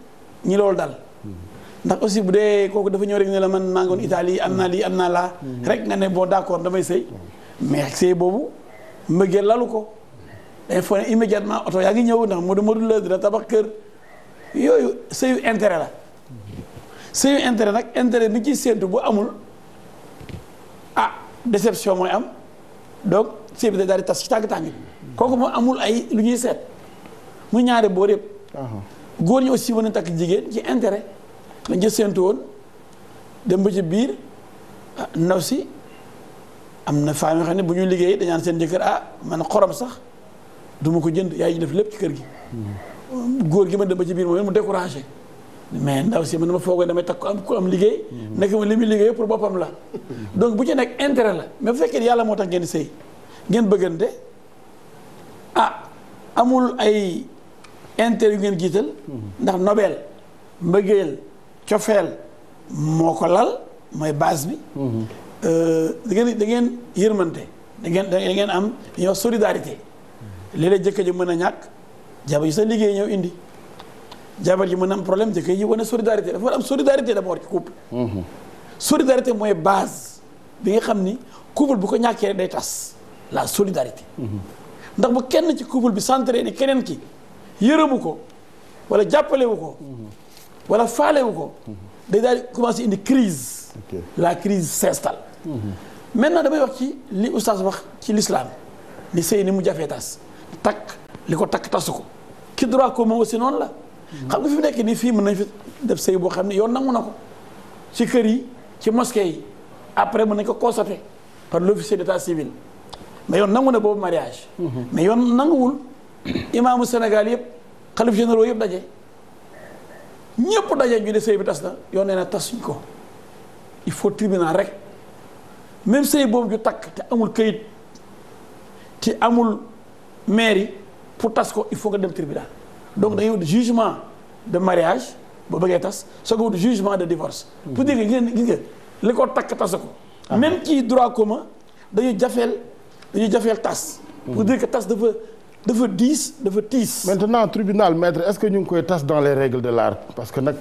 ñi loolu dal ndax aussi bu dee kooku dafa ñëw rek ne la man maa ngoon Italie am naa lii am na laa rek nga ne bon d'accord damay sëy mais sëy boobu mbëggeel lalu ko day foo ne immédiatement oto yaa ngi ñëw ndax Modou Modou la dina tabax kër yooyu sëyu intérêt la sëyu intérêt nag intérêt bi ci séentu bu amul ah déception mooy am donc sëy bi daal di tas ci tàng tàng kooku moom amul ay lu ñuy seet mu ñaare boor yëpp góor ñi aussi mën a takk jigéen ci intérêt lañ ca séentu woon dem ba ci biir ah, ndaw si am na femme yoo xam ne bu ñuy liggéey dañaan seen jëkkër ah man xorom sax du ma ko jënd yaay ji def lépp ci kër gi hmm. góor gi ma dem ci biir moom mu découragé mais ndaw si man ma foogoo damay takk am ku am liggéey. nekk ma li muy liggéey pour boppam la. donc bu ci nekk intérêt la mais bu fekkee yàlla moo tax ngeen sëy ngeen bëggante ah, ay intérêt yu ngeen jiital. ndax nobel mbëggeel cofeel moo ko lal mooy base bi. Euh, da ngeen da ngeen yërmante da ngeen ngeen am ñoo solidarité léeg-léeg ji mën a ñàkk. jabar ji sa liggéey ñëw indi jabar ji mën na am problème jëkkër ji wane solidarité dafa war am solidarité d'abord ci couple mhm. solidarité mooy base bi nga xam ni couple bu ko ñàkkee day tas la solidarité mhm. ndax bu kenn ci couple bi centré ni keneen ki yërëmu ko wala jàppalewu ko mhm. wala faalewu ko day daal commencé indi crise la crise s'installe maintenant damay wax ci li oustaz wax ci l'islam ni sëy ni mu jafee tas takk li ko takk tasu ko ki droit commun aussi noonu la. xam nga fi mu nekk nii fii mën nañ fi def sëy boo xam ne yoon nangu na ko ci kër yi ci mosquée yi après mën nañ ko constater par l'officier d'état civil mais yoon nangu na boobu mariage. Mhm. mais yoon nanguwul imaamu Sénégal yëpp xalif généraux yëpp daje ñëpp daje ñu ne sëy bi tas na yoo nee na tas suñ ko il faut tribunal rek même sëy boobu ju takk te amul kayit te amul mairie. pour tas ko il faut nga dem tribunal donc dañuy wut jugement de mariage boo bëggee tas soo ko wut jugement de divorce. pour dire que gis nga li ko takk tas ko. Ah. même ci droit commun dañu jafeel dañu jafeel tas. pour dire que tas dafa dafa diis dafa tiis. maintenant tribunal maître est-ce que ñu ngi koy tas dans les règles de l'art parce que nag.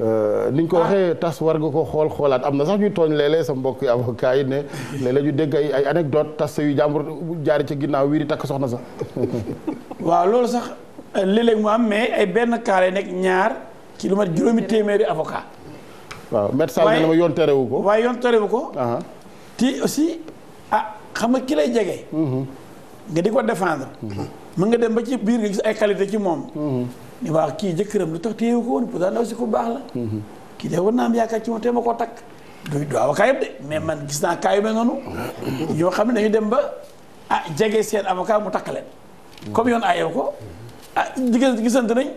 Euh, ni ñu ko ah. waxee tas war nga ko xool xoolaat am na sax ñu tooñ léeg sa mbokk avocat yi ne léeg ñu dégg ay ay anecdote tas sa yu jàmbur jaari ci ginnaaw wiiri takk soxna sax waaw loolu sax euh, léeg mu am mais ay benn cas lay nekk ñaar ci lu mat juróomi téeméeri avocat waaw médecin ne ma yoon terewu ko waaye yoon terewu ko ti aussi ah xam nga ki lay jege mhm. nga di ko défendre mhm. mën nga dem ba ci biir nga gis ay qualité ci moom mhm. ñu baax kii jëkkëram lu tax téyewu ko woon pourtant ndaw si ku baax la mhm. kii de war naa am yaakaar ci moom te ma koo takk du du avocat yëpp de mais man gis naa cas yu mel noonu ñoo mhm. xam ne dañu dem ba ah jege seen avocat mu takk leen mhm. comme yoon ayew ko ah diggante gisante nañ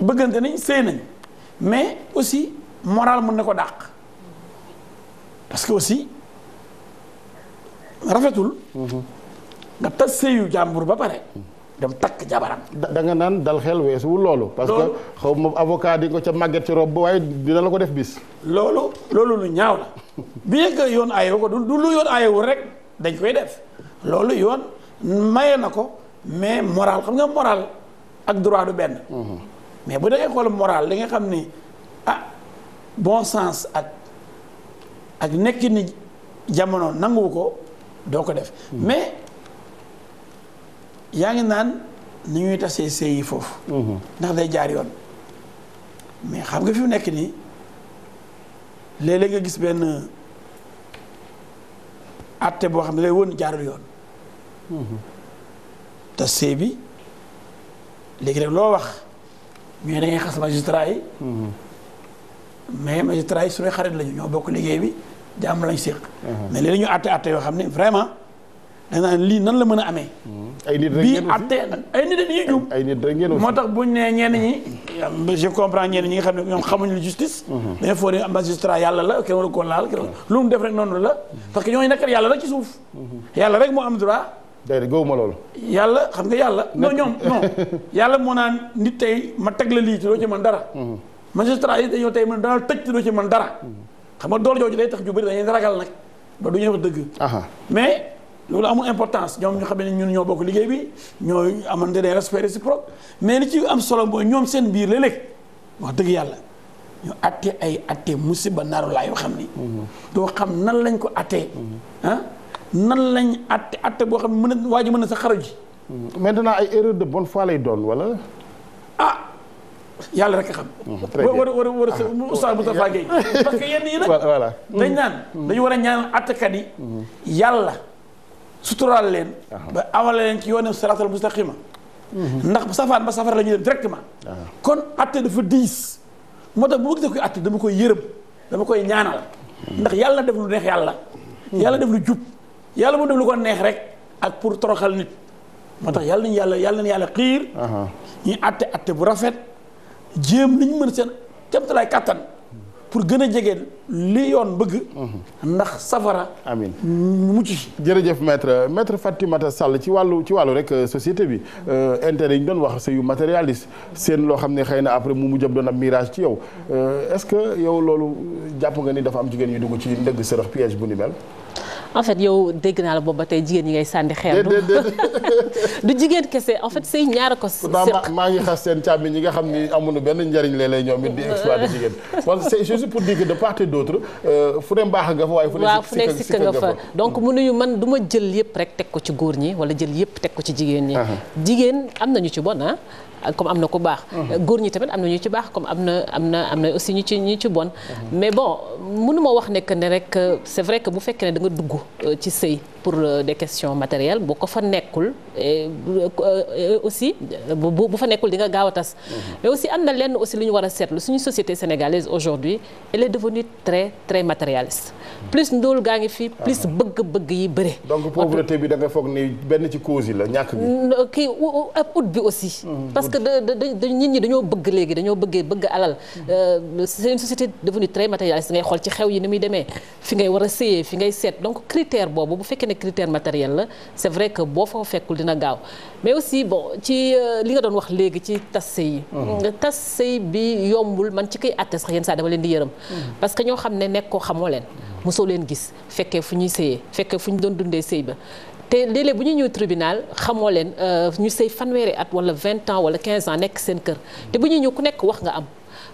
bëggante nañ sëy nañ mais aussi moral mun na ko dàq parce que aussi rafetul nga tas sëyu jàmbur ba pare dem takk jabaram. da nga naan dal xel weesuwul loolu. parce que xaw ma avocat di ca màgget ci rob waaye dina la ko def bis. loolu loolu lu ñaaw la bien que yoon ayewu ko du lu yoon ayewul rek dañ koy def loolu yoon maye na ko mais moral xam nga moral ak droit du benn. Mhm. mais bu dee école morale li nga xam ni ah bon sens ak ak nekki ni jamono nanguwu ko doo ko def mhm. mais. yaa ngi naan ni ñuy tasee sëy yi foofu. Mhm. ndax day jaar yoon. mais xam nga fi nekk nii léeg nga gis benn àtte boo xam ne lay woon jaarul yoon. Mhm. tas sëy bi léegi rek loo wax mais da ngay xas magistrat yi. Mhm. mais magistrat yi suñuy xarit lañu ñoo bokk liggéey bi jàmm lañ séq. mais léeg ñu àtte àtte yoo xam ne vraiment. da naan lii nan la mën a amee. Hmm. ay nit rek ngeen aussi bii ay nit dañuy jub. ay nit rek ngeen aussi moo tax bu ñu nee ñenn ñi. je comprends ñenn ñi nga xam ne ñoom xamuñu lu justice. dañoo hmm. foog ne magistrat yàlla la kenn waru ko laal kenn lu mu def rek noonu la. parce que ñooñu nag yàlla rek ci suuf. Hmm. yàlla rek moo am droit. déedéet gëwuma loolu. yàlla xam nga yàlla. non ñoom non yàlla moo naan nit tey ma teg la lii te doo ci mën dara. magistrat yi dañoo tey mën dana tëj te doo ci mën dara. xam nga doole jooju day tax ju bëri dañuy ragal nag ba du ñu wax dëgg. mais loolu amul importance ñoom ñu xam ne ñun ñoo bokk liggéey bi ñoo amante des respect réciproque mais li ci am solo mooy ñoom seen biir léeg-léeg wax dëgg yàlla ñu atte ay atte musiba naaru laay yoo xam ni. doo xam nan lañ ko attee. nan lañ atte ate boo xam ne mën na waa ji na sa xaru ji. maintenant ay erreur de bonne foi lay doon wala. ah yàlla rek xam. Mm, très bien war war war ah. Oustaz sa Gueye parce que yenn yi nag. voilà naan mm. dañu war a ñaan attekat yi. Mm. yàlla. suturaal leen. ba awale leen ci yoonu siraatal mustaqima mhm. ndax safaan ba safara la ñuy dem directement. kon atte dafa diis. moo tax bu ma gisee koy atte dama koy yërëm dama koy ñaanal. Mhm. ndax yàlla def lu neex yàlla. Mhm. yàlla def lu jub. yàlla mu def lu ko neex rek ak pour toroxal nit. moo tax yàlla nañu yàlla yàlla yàlla xiir. ñu atte atte bu rafet. jéem li ñu mën seen kéemtalaay kattan. pour gën a jege li yoon bëgg. Mhm. ndax safara. amiin mucc ci. jërëjëf maître maître Fatimata Sall ci wàllu ci wàllu rek euh, société bi euh, intérêt yi ñu doon wax c'est yu matérialiste seen loo xam ne xëy na après mu mu mujj doon am mirage ci yow euh, est-ce que yow loolu jàpp nga ni dafa am jigéen yu dugg ci ndëgg sërëx piège bu ni mel. en fait yow dégg naa la boobu ba tey jigéen ñi ngay sànni xeer. du jigéen kese en fait say ñaar ko. seq maa ngi xas seen càmm ñi nga xam ni amuñu benn njariñ lee léeg ñoom it di exploiter jigéen kon pour digg que de part et d' autre euh, fu ne mbaax nga fa waaye. fu ne sikka nga fa donc mënuñu man du ma jël yëpp rek teg ko ci góor ñi wala jël yëpp teg ko ci jigéen ñi. jigéen am nañu ci bon ah comme am na ku baax. góor ñi tamit am na ñu ci baax comme am na am na am na aussi ñu ci ñu ci bon. mais bon mënu ma wax ne que ne rek euh, c'est vrai que bu fekkee ne da dugg euh, ci sëy pour euh, des questions matérielles bu ko fa nekkul euh, euh, aussi bu bu fa nekkul di nga gaaw a tas mhm. mais aussi am na lenn aussi lu ñu war a seetlu suñu société sénégalaise aujourd'hui elle est devenue très très matérialiste mhm. plus ndóol gaa ngi fi plus ah. bëgg-bëgg yi bëre donc pauvreté bi dangay foog ni benn ci cause yi la ñàkk bi kii ut bi aussi mhm, parce que da nit ñi dañoo bëgg léegi dañoo bëggee bëgg alal c'est une société devenue très matérialiste ngay xool ci xew yi ni muy demee fi ngay war ne critère matériel la c'est vrai que boo fa fekkul dina gaaw mais aussi bon ci euh, li nga doon wax léegi ci tas sëy yi mm-hmm. Mm-hmm. tas sëy bi yombul man ci koy atte sax yenn saa dama leen di yërëm mm-hmm. parce que ñoo xam ne nekk koo xamoo leen mosoo leen gis fekkee fu ñuy sëyee fekkee fu ñu doon dundee sëy ba te léeg bu ñu ñëw tribunal xamoo leen euh, ñu sëy fanweeri at wala vingt ans wala quinze ans nekk seen kër te bu ñuy ñëw ku nekk wax nga am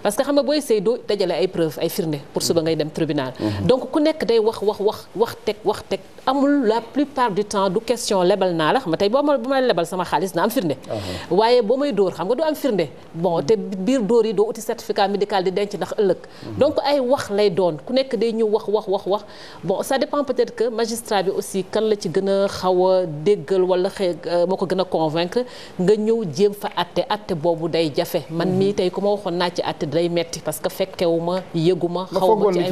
parce que xam nga booy sëy doo dajale ay preuve ay firnde pour suba ngay dem tribunal. Mm-hmm. donc ku nekk day wax wax wax wax teg wax teg amul la plupart du temps du question lebal naa la xam tey boo ma bu may lebal sama xaalis na am firnde. Uh-huh. waaye boo may dóor xam nga du am firnde bon te biir dóor yi doo uti certificat médical di denc ndax ëllëg. Mm-hmm. donc ay wax lay doon ku nekk day ñëw wax wax wax wax bon ça dépend peut-être que magistrat bi aussi kan la ci gën a xaw déggal wala xëy euh, moo ko gën a convaincre nga ñëw jéem fa atte atte boobu day jafe man mii mm-hmm. tey ku ma waxoon naa day metti parce que fekkewuma yëguma. xaw ma ci ay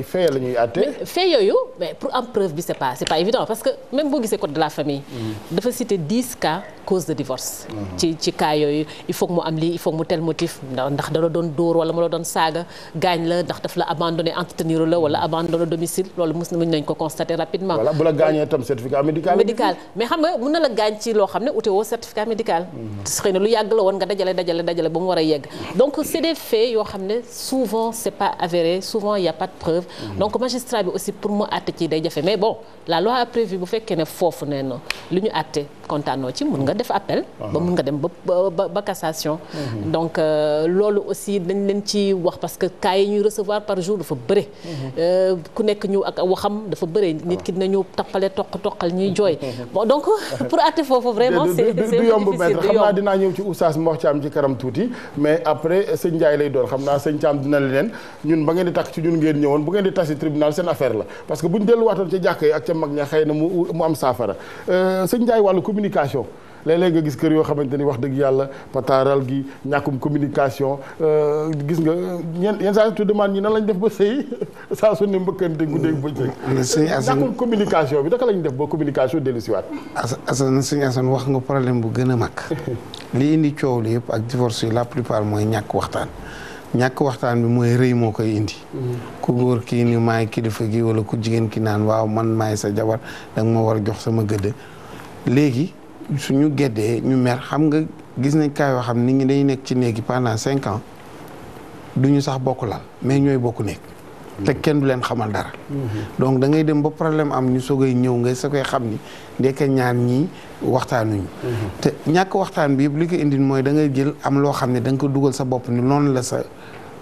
wax ay àtte. mais yooyu mais pour am preuve bi c'est pas c'est pas évident parce que même boo gisee code de la famille. Mm-hmm. dafa citer dix cas cause de divorce. Mm-hmm. ci ci cas il faut mu am lii il faut mu tel ndax da la doon dóor wala mu la doon saaga gaañ la ndax daf la abandonné entretenir la wala abandonné domicile loolu mos mën nañ ko constater rapidement. bu la gaañee tam certificat médical. mais donc c'est des faits yoo xam ne souvent c'est pas avéré souvent il y a pas preuve mhm. donc magistrat bi aussi pour mu àtte ci day jafe mais bon la loi a bu fekkee ne foofu nee na lu ñu àtte kontaanoo ci mun nga def appel ba mun nga dem ba ba cassation mhm. donc euh, loolu aussi dañ leen ci wax parce que cas yi ñuy recevoir par jour dafa bëre mhm. euh, ku nekk ñu ak waxam dafa bëre nit ki dinañu tappale toq toqal ñuy jooy bon donc pour àtte foofu vraiment c'est c'est difficile du yomb xam naa dinaa après eh, sëñ Ndiaye lay doon xam naa sëñ Thiam dina leen ñun ba ngeen di takk ci ñun ngeen ñëwoon bu ngeen di tasi tribunal seen affaire la parce que buñ delluwaatoon ca jàkk yi ak ca mag ña xëy na mu mu am saafara eh, sëñ Ndiaye wàllu communication léeg-léeg nga gis kër yoo xamante ni wax dëgg yàlla pataaral gi ñàkkum communication euh, gis nga ñen yenn saa tu demande ñi nan lañ def ba sëy saa su ne mbëkkante guddeeg bëccëg ñàkkum communication bi naka lañ def ba communication dellu siwaat Assane sëñ Assane wax nga problème bu gën a mag li indi coow li yëpp ak divorce yi la plupart mooy ñàkk waxtaan ñàkk waxtaan bi mooy rëy moo koy indi mm-hmm. ku góor ki ni maay kilifa gi wala ku jigéen ki naan waaw man maay sa jabar danga ma war a jox sama gëdd léegi su ñu geddee ñu mer xam nga gis nañ kaa yoo xam ni ngi dañuy nekk ci néeg yi pendant cinq ans duñu sax bokk laal mais ñooy bokk néeg te kenn du leen xamal dara donc dangay dem ba problème am ñu soogay ñëw nga sa koy xam ni ndeke ñaar ñii waxtaanuñu te ñàkk waxtaan bi yëpp li ko indi mooy da ngay jël am loo xam ne da nga ko dugal sa bopp ni noonu la sa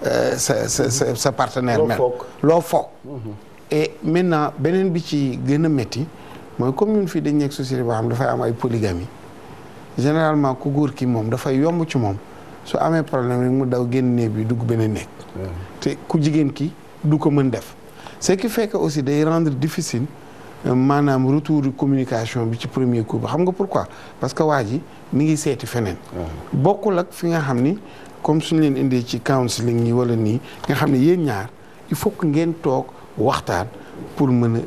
euh, sa sa sa partenaire mel loo foog mm-hmm. et maintenant beneen bi ci gën a métti mooy comme ñun fii dañ nekk société boo xam dafay am ay polygamie généralement ku góor ki moom dafay yomb ci moom su amee problème rek mu daw génn néeg bi dugg beneen néeg te ku jigéen ki du ko mën def ce qui fekk aussi day rendre difficile euh, maanaam retour de communication bi ci premier coup bi xam nga pour quoi parce que waa ji mi ngi seeti feneen bokkul ak fi nga xam ni comme suñu leen indee ci counseling yi wala nii nga xam ne yéen ñaar il faut que ngeen toog waxtaan pour mën a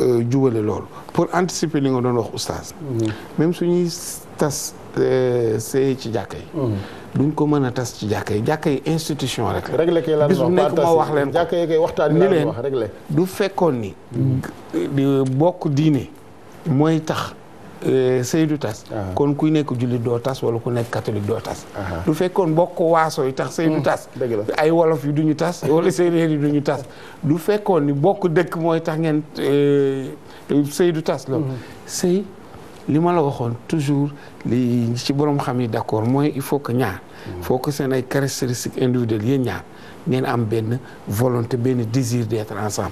Euh, jubale loolu pour anticiper li nga doon wax oustaz. Mm-hmm. même suñuy tas euh, see ci jàkka yi. Mm-hmm. duñ ko mën a tas ci jàkka yi jàkka yi institution rek la. réglé kay lan bis bu nekk ma wax leen ko jàkka yi kay waxtaan ni leen du fekkoon ni. Mm-hmm. bokk diine mooy tax. Euh, sëy du tas ah. kon kuy nekk jullit doo tas wala ku nekk catholique doo tas ah. du fekkoon bokk waaso yi tax sëy du mm. tas ay wolof yi du ñu tas wala séeréer yi du ñu tas du fekkoon ni bokk dëkk mooy tax ngeen euh, sëy du tas loolu mm-hmm. sëy li ma la waxoon toujours li ci borom xam yi d'accord mooy il faut que ñaar il faut seen ay caractéristiques individuelles yéen ñaar ngeen am benn volonté benn désir d' être ensemble.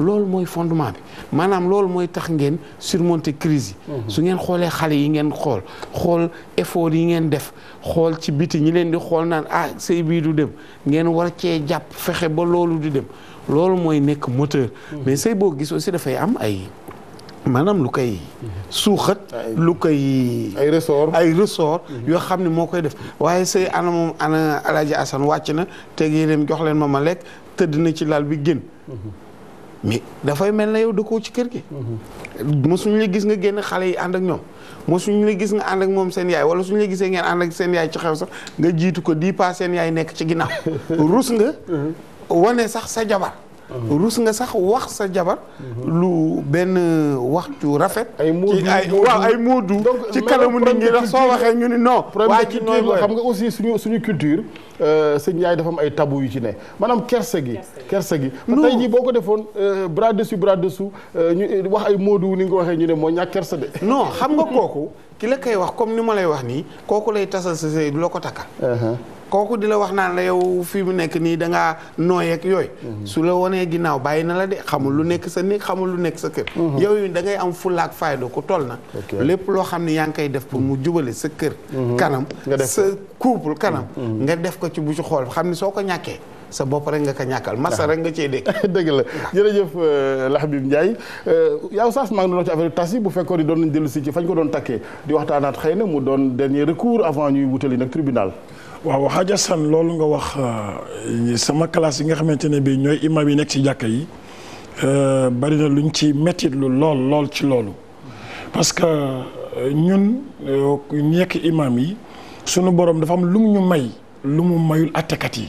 loolu mooy fondement bi maanaam loolu mooy tax ngeen surmonter crise yi. Mhm. su ngeen xoolee xale yi ngeen xool xool effort yi ngeen def xool ci biti ñi leen di xool naan ah sëy bii du dem ngeen war cee jàpp fexe ba loolu di dem loolu mooy nekk moteur. Mhm. mais sëy boo gisoo si dafay am ay. maanaam lu koy suuxat lu koy ay ressort ay ressort yoo xam ne moo koy def waaye say ana moom ana alaaji Assane wàcc na teg yéen jox leen ma ma lekk tëdd na ci laal bi génn mais dafay mel na yow dëkkoo ci kër gi mosuñu la gis nga génn xale yi ànd ak ñoom mosuñu la gis nga ànd ak moom seen yaay wala suñu la gisee ngeen ànd ak seen yaay ci xew sax nga jiitu ko di pas seen yaay nekk ci ginnaaw rus nga uh-huh. wane sax sa jabar rus nga sax wax sa jabar mhm. lu benn wax waxtu rafet ci ay waaw ay moodu ci kanamu nit ñi la soo waxee ñu ni non waa ci nooy xam nga aussi suñu suñu culture euh, sëñ yaay dafa am ay tabou yu ci ne maanaam kersa gi kersa gi tey jii boo ko defoon euh, bras dessus bras dessous euh, ñu wax ay moodu ni nga ko waxee ñu ne moo ñàkk kersa de non xam nga kooku ki la koy wax comme ni ma lay wax nii kooku lay tasal sa sëy du loo ko takkal uh-huh. kooku di la wax naan la yow fii mu nekk nii da ngaa nooy ak yooyu. Mhm. su la wanee ginnaaw bàyyi na la de xamul lu nekk sa néeg xamul lu nekk sa kër. Mhm. yow yi da ngay am fulaak fayda ku toll na. lépp loo xam ne yaa ngi koy def pour mu mhm. jubale sa kër. kanam sa couple kanam. nga def ko ci bu xool xam ne soo ko ñàkkee. sa bopp rek nga ko ñàkkal masa ah. rek nga cee dégg dëgg la ah. jërëjëf euh, Lahabib Ndiaye euh, yow saas maa ngi doon wax ci affaire tas yi bu fekkoon ni doon nañ si ci fañ ko doon takkee di waxtaanaat xëy na mu doon dernier recours avant ñuy wutali nag tribunal waaw Hadj Assane loolu nga wax euh, sama classe yi nga xamante ne bii ñooy imam yi nekk ci jàkk yi euh, bari na luñ ci métti lu lool lool ci loolu parce que euh, ñun nekk imam yi sunu borom dafa am lu mu ñu may lu mu mayul attekat yi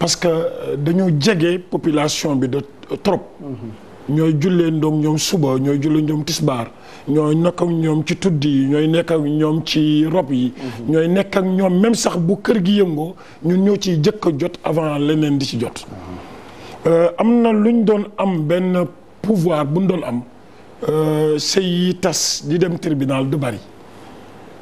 parce que dañoo jege population bi de trop. Mm-hmm. ñooy jullee ndoom ñoom suba ñooy jullee ñoom tisbaar ñooy nekk ak ñoom ci tudd yi ñooy nekk ñoom ci rob yi. Mhm. ñooy nekk ak ñoom même sax bu kër gi yëngoo ñu ñëw ci jëkk a jot avant leneen di ci jot. Mhm. Euh, am na luñ doon am benn pouvoir buñ doon am euh, sëy yi tas di dem tribunal du bari.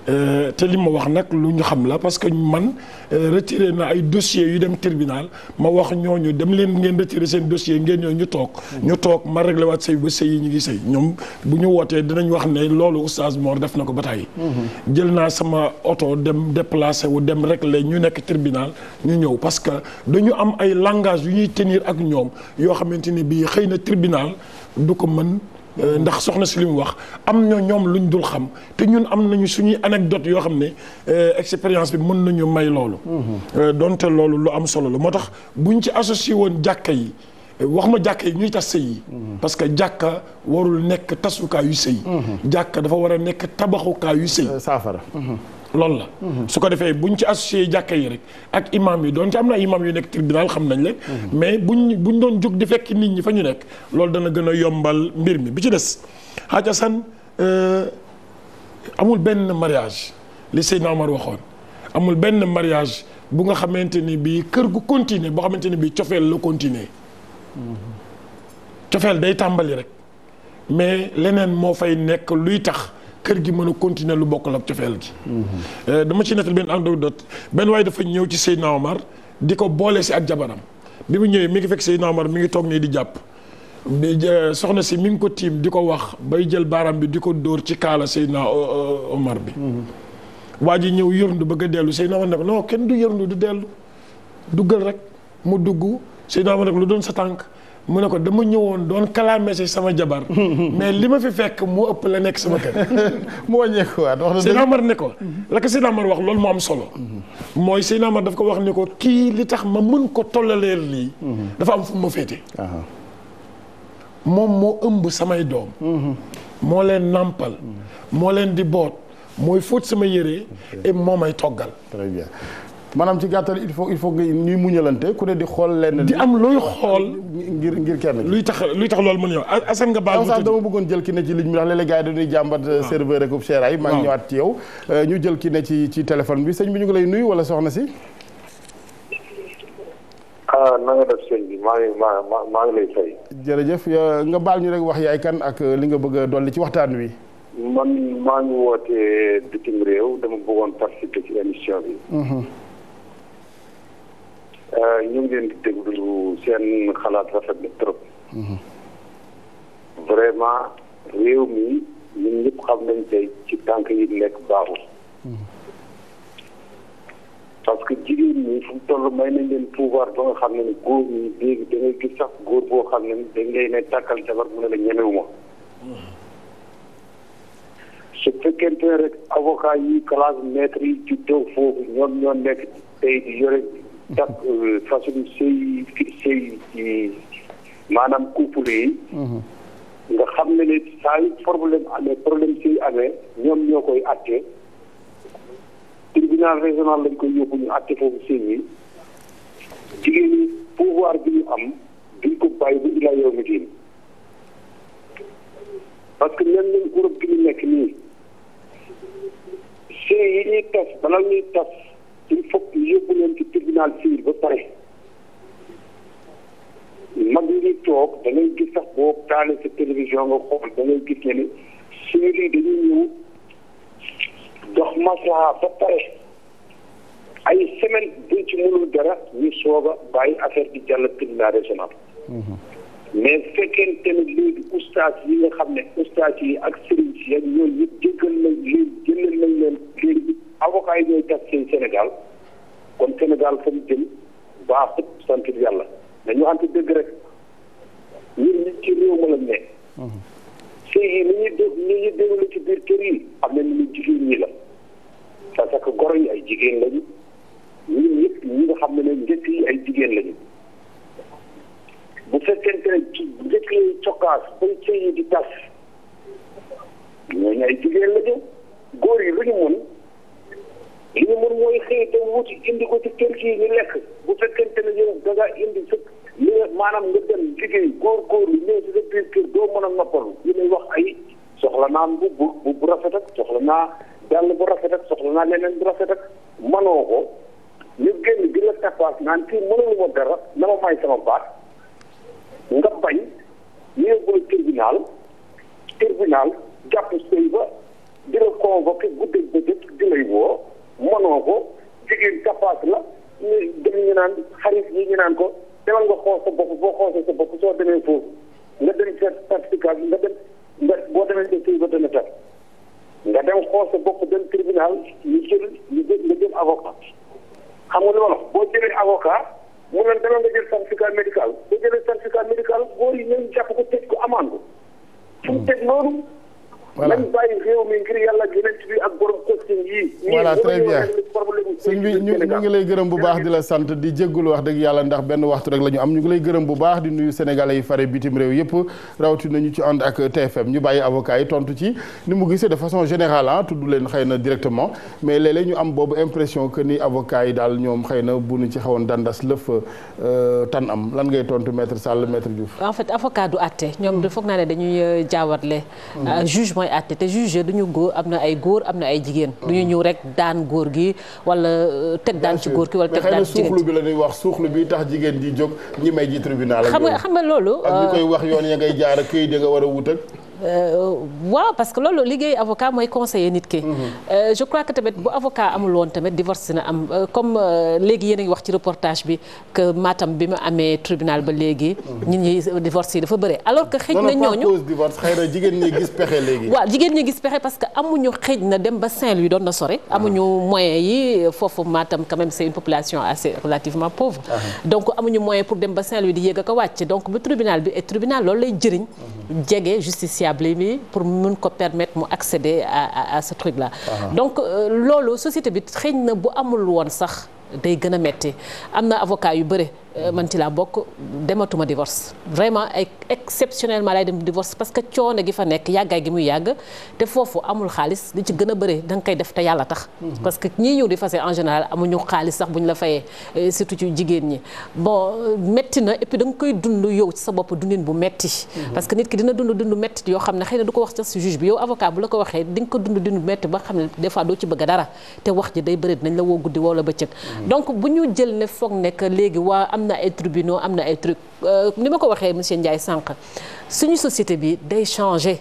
Euh, te li ma wax nag lu ñu xam la parce que man euh, retiré na ay dossiers yu dem tribunal ma wax ñooñu dem leen ngeen retiré seen dossier ngeen ñoo ñu toog. ñu toog ma réglé waat sëy ba sëy yi ñu ngi sëy ñoom bu ñu wootee dinañ wax ne loolu oustaz Mor def na ko ba tàyyi. Mhm. jël naa sama oto dem déplacé wu dem réglé ñu nekk tribunal ñu ñëw parce que dañu am ay langage yu ñuy tenir ak ñoom yoo xamante ni bii xëy na tribunal du ko mën. Euh, ndax soxna si li mu wax am na ñoom lu luñ dul xam te ñun am nañu suñuy anecdote yoo xam ne euh, expérience bi mën nañu may loolu. Mhm. Euh, donte loolu lu am solo la moo tax bu buñ ci associé woon jàkka yi. wax ma jàkka yi ñuy tas sëy yi mhm. parce que jàkka warul nekk tasukaay yu sëy mhm. jàkka dafa war a nekk tabaxukaay yu sëy saafara loolu la. su ko defee buñ ci associé jàkka yi rek ak imam yi doon ci am na imam yu nekk tribunal xam nañ leen. mais buñ buñ doon jóg di fekk nit ñi fa ñu nekk loolu dana gën a yombal mbir mi bi ci des Hadj Assane euh, amul benn mariage li Seydina Omar waxoon amul benn mariage bu nga xamante ni bii kër gu continuer boo xamante ni bii cofeel la continuer mm-hmm. cofeel day tàmbali rek mais leneen moo fay nekk luy tax. kër gi mën a continuer lu bokk bokkul ak cofeel gi. Euh, dama ci nettal benn anecdote benn waaye dafa ñëw ci Seydina Omar di ko boole si ak jabaram bi mu ñëwee mi ngi fekk Seydina Omar mi ngi toog nii di jàpp. Euh, soxna si mi ngi ko tiim di ko wax bay jël baaraam bi di ko dóor ci kaala Seydina euh, Omar bi. Mm-hmm. waa ji ñëw yërndu bëgg a dellu Seydina Omar ne ko non kenn du yërndu du dellu duggal rek mu dugg Seydina Omar ne lu doon sa tànk. mu ne ko dama ñëwoon doon kalaame si sama jabar. mais li ma fi fekk mu ëpp la nekk sama kër. mu wàññeeku waat wax na Seydina Omar ne ko. la ko Seydina Omar wax loolu moo am solo. Mm-hmm. mooy Seydina Omar daf ko wax ni ko kii li tax ma mën ko tollaleer lii. Mm-hmm. dafa am fu ma féete. moom moo ëmb samay doom. Mm-hmm. moo leen nàmpal. moo leen di boot mooy fóot sama yére. et moo may toggal. maanaam ci gàttal il faut il faut que ñuy muñalante ku ne di xool lenn. di am looy xool ngir ngir kenn. luy tax luy tax loolu mën yow Assane nga baal. ma dama bëggoon jël ki ne ci ligne bi ndax léeg-léeg gars yi dañuy jàmbat. Euh, ah. serveur rek ub ay. maa ngi ñëwaat ci euh, ñu jël ki ne ci ci téléphone bi sëñ bi ñu ngi lay nuyu wala soxna si. ah na nga def sëñ bi maa ngi maa lay fay. jërëjëf euh, nga baal ñu rek wax yaay kan ak li nga bëgg a dolli ci waxtaan wi. man maa ngi wootee bitim réew dama bëggoon participer ci émission bi. Mhm. Euh, ñu ngi leen di déglu seen xalaat rafet na trop. Mhm. vraiment réew mi ñun ñëpp xam nañ tey ci tànk yi nekk baaxul. Mhm. parce que jigéen ñi fu mu toll may nañ leen pouvoir ba xam ne góor ñi léegi da ngay gis sax góor boo xam ne dañ lay ne tàkkal jabar mu ne la ñemewuma. Mhm. su fekkente rek avocat yi classe maître yi juddoo foofu ñoom ñoo nekk tey di yore. Euh, chaque façon sëy sëy ci maanaam couple yi. Mhm. nga xam ne ne saa yu problème amee problème sëy amee ñoom ñoo koy atte tribunal régional lañ koy yóbbu ñu atte foofu sëy yi jigéen ñi bi ñu am duñ ko bàyyi bu ilaa yow mi diin parce que même ñun ñu nekk nii sëy yi ñuy tas bala ñuy tas il faut que yóbbu leen ci tribunal ba pare mag ñi toog da ngay gis sax boo taalee sa télévision nga xool da ngay ne ni séeréer dañuy ñëw dox maslaa ba pare ay semaine buñ ci mënul yu ñu soog a bàyyi affaire bi jàll tribunal régional mhm. mais fekkente ne léegi ustaas yi nga xam ne ustaas yi ak sëriñ si ak yooyu yëpp jéggal nañ leen jëlal nañ leen léegi avocat yi ñooy tas seen Sénégal kon Sénégal fa mu jëm baaxut sant yàlla mais ñu xamante dëgg rek ñun ñi ci réew ma lañ ne. Mhm. sëy ci biir kër yi am na ñu jigéen ñi la parce que goro yi ay jigéen lañu ñun ñëpp ñi nga xam ne njëkk yi ay jigéen lañu. fekkente ne ci njëkk yi cokkaas bay di tas ñooñu ay jigéen lañu góor yi lu ñu mun li ñu mun mooy xëy dem indi ko ci kër gi ñu lekk bu fekkente ne yow da nga indi sa li nga maanaam nga dem liggéey góor-góorlu ñëw kër doo mën a noppalu li muy wax ay soxla naa mbubb bu bu rafet ak soxla naa dàll bu rafet ak soxla naa leneen bu rafet ak manoo ko ñu génn di la tapas naan kii mënuluma dara na ma may sama nga bañ ñu yóbbu la tribunal tribunal jàpp sëy ba di la convoqué guddeeg bëccëg di lay woo mënoo ko jigéen capable la ñu dem ñu naan xarit yi ñu naan ko demal nga xool sa bopp boo xoosee sa bopp soo demee foofu nga dem nga boo demee sa sëy ba dana nga dem xool sa bopp dem tribunal ñu jël ñu jël nga jël avocat xam nga boo jëlee avocat. mu ne dana jël certificat médical boo jëlee certificat médical góor yi ñoom jàpp ko tëj ko amande fu mu teg noonu. voilà nañ bàyyi bi ak borom bien sëñ bi ñu ñu ngi lay gërëm bu baax di la sant di jéggul wax dëgg yàlla ndax benn waxtu rek la ñu am ñu ngi lay gërëm bu baax di nuyu sénégalais yi fare bitim réew yëpp rawatina ñu ci ànd ak TFM ñu bàyyi avocat yi tontu ci ni mu gisee de façon générale ah tudd leen xëy na directement mais léeg ñu am boobu impression que ni avocat yi daal ñoom xëy na bu nu ci xawoon dandas lëf euh, tan am lan ngay tontu maître Sall maître Diouf. en fait avocat du mooy àtte te juge du ñu góor am na ay góor am na ay jigéen ah. du ñu ñëw rek daan góor gi wala euh, teg daan ci góor ki wala teg daan ci jigéen suuxlu bi la ñuy wax suuxlu bi tax jigéen di jóg ñi may ji tribunal xam nga xam nga loolu ak ñu euh, koy wax yoon ya ngay jaar ak këyit ya nga war a wut Euh, waaw parce que loolu liggéey avocat mooy conseiller nit ki. Mhm. Euh, je crois que tamit bu avocat amul woon tamit divorce na am euh, comme léegi yéen a ngi wax ci reportage bi que Matam bi mu amee tribunal ba léegi. ñu mhm. ñi divorce yi dafa bëre alors que. xëj na ñooñu non divorce xëy na jigéen ñi gis pexe léegi. jigéen ñi gis pexe parce que amuñu xëj na dem ba Saint-Louis doon na sore. Ah. amuñu moyen yi foofu Matam quand même c'est une population assez relativement pauvre. Ah. donc amuñu moyen pour dem ba saint di yéeg a wàcc donc bu tribunal bi et tribunal loolu lay jëriñ. Mhm. jege établi bi pour mun ko permettre mu accéder à à ce truc ah. donc euh, loolu société bi xëy na bu amul woon sax day gën a metti am na avocat yu bëri. Euh, man ci laa bokk dematuma divorce dem divorce parce que coono gi fa nekk yàggaay gi muy yàgg te foofu amul xaalis li ci gën a bëri danga nga koy def te yàlla tax. Mhm. parce que ñii ñëw di fase en général amuñu xaalis sax bu ñu la fayee euh, surtout ci jigéen ñi bon euh, metti na et puis da koy dund yow ci sa bopp dundin bu metti mhm. parce que nit ki dina dund dund metti yoo xam ne xëy na du ko wax ca si juge bi yow avocat bu la ko waxee di nga ko dund dund metti ba xam ne des doo ci am na ay tribunaux am na ay trucs euh, ni ma ko waxee monsieur Ndiaye sànq suñu société bi day changer